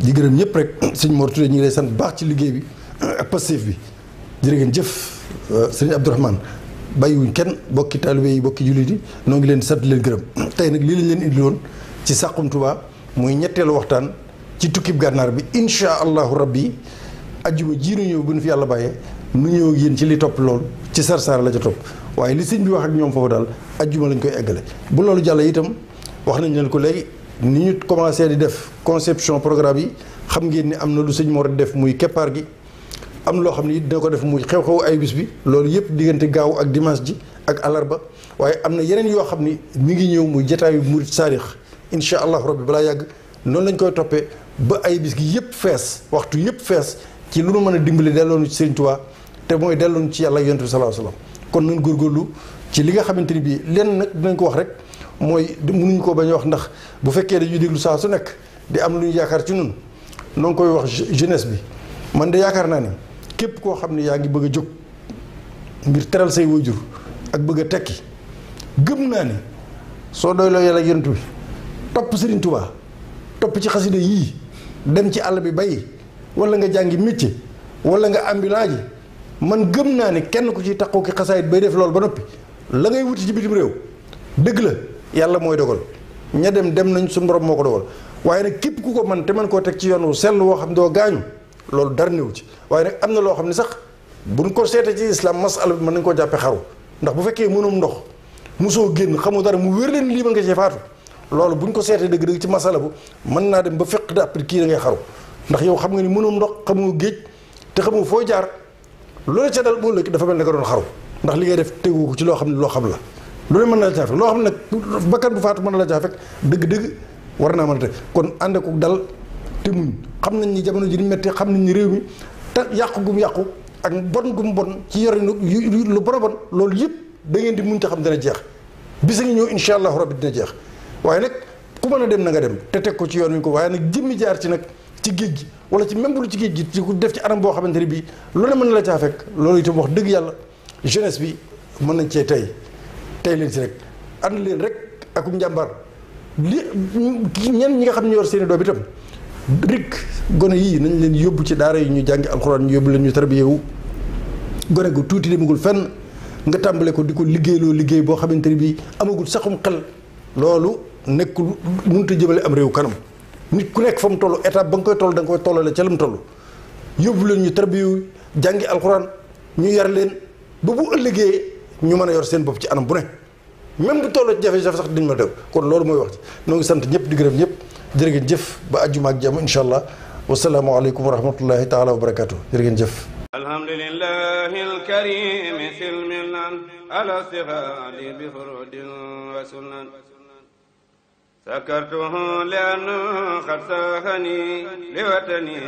di gërëm ñëpp rek Serigne Mor ñu ngi lay sant baax ci liggéey bi bi jërë ngeen jëf eh, Serigne Abdourahmane bàyyiwuñ kenn bokki taalibe yi bokki jullit yi noo ngi leen di leen gërëm tey nag lii lañ leen indi indiloon ci Saxum Touba muy ñetteelu waxtaan ci tukkib gànnaar bi insha allahu rabbi ajjuma ji nu ñëw fi yàlla bàyyee nu ñëw ak yéen ci li topp loolu ci sarsaar la ca topp waaye li sëñ bi wax ak ñoom foofu daal ajjuma lañ koy eggale bu loolu jàllee itam wax nañ leen ko léegi ni ñu commencé di def conception programme yi xam ngeen ni am na lu sëñ Mor def muy keppaar gi am loo xam ne dina ko def muy xew-xew ay bis bi loolu yëpp diggante gaaw ak dimanche ji ak alarba waaye am na yeneen yoo xam ni mi ngi ñëw muy jataayu murit saarix incha allahu bi balaa yàgg noonu lañ koy toppee ba ay bis gi yëpp fees waxtu yëpp fees ci lu nu mën a dimbali delloonu ci Sëriñ Tuubaa te mooy delloonu ci yàlla yonent bi sallallahu alayhi wasallam kon nañ ci li nga xamante ni bii lenn nag dinañ ko wax rek mooy mënuñ ko bañ a wax ndax bu fekkee dañuy déglu saa su nekk di am lu ñu yaakaar ci ñun noo ngi koy wax jeunesse bi man de yaakaar naa ni képp koo xam ne yaa ngi bëgg a jóg ngir teral say waajur ak bëgg a tekki gëm naa ne soo doyloo yàlla yonent bi topp Serigne Touba topp ci xasida yii dem ci àll bi bay wala nga jàngi métier wala nga ambulant ji man gëm naa ni kenn ku ci taxaw ki xasaayit bay def loolu ba noppi la ngay wuti ci bitim réew dëgg la yàlla mooy dogal ña dem dem nañu suñu borom moo ko dogal waaye nag képp ku ko man te man koo teg ci yoon wu sell woo xam doo gaañu. loolu dara néew ci waaye nag am na loo xam ne sax bu buñ ko seete ci islam masala bi mën nañ koo jàppee xaru ndax bu fekkee mënum ndox mosoo génn xamu dara mu wér leen lii ma nga cee faatu loolu buñ ko seetee dëgg-dëgg ci masala bu mën naa dem ba fekk après kii da ngay ndax yow xam nga ni mënum ndox xamoo géej te xamoo foo jaar loolu ca boo lëkk dafa mel ne doon xaru ndax li ngay def tegu loo xam ne loo xam la loolu mën na la caa fekk loo xam ne nag bakkan bu faatu mën na la caa fekk dëgg-dëgg war naa mën a kon ànd ko dal te muñ xam nañ ni jamono ji di métti xam nañ ni réew mi te yàqu gum yàqu ak bon gum bon ci yorinu lu bon a bon loolu yëpp da ngeen di muñ te xam dina jeex bisa ngi ñëw incha allahu rabbi dina jeex waaye nag ku mën a dem na nga dem te teg ko ci yoon wi ko waaye nag jëmmi jaar ci nag ci géej gi wala ci même ci géej gi ci ku def ci anam boo xamante ne bii loolu mën na la caa fekk loolu itam wax dëgg yàlla jeunesse bi mën nañ cee tey tey leen si rek ànd leen rek akum njàmbaar li ñenn ñi nga xam ne yor seen i doom rek gone yii nañ leen yóbbu ci daara yi ñu jàngi alxuraan ñu yóbbu leen ñu tarbiyewu gone gu tuuti demagul fenn nga tàmbale ko di ko liggéeyloo liggéey boo xamante ni bii amagul saxum xel loolu nekkul mënut a jëmale am réew kanam nit ku nekk fa mu toll étape ba nga koy toll da nga koy tollale ca la mu toll yóbbu leen ñu tarbiyewu jàngi alxuraan ñu yar leen ba bu ëllëgee ñu mën a yor seen bopp ci anam bu ne même bu tolloo jafe-jafe sax diñ ma dew kon loolu mooy wax ci noo ngi sant ñëpp di ñëpp. jërë ngeen jëf ba àjjuma ak jàmm incha allah wasalaamualeykum wa rahmatullahi taala wa barakatuh jërë ngeen jëf alhamdulillahil karim silmilan ala sihadi bi furudin wa sunan sakartuhu lian xad sahani li watani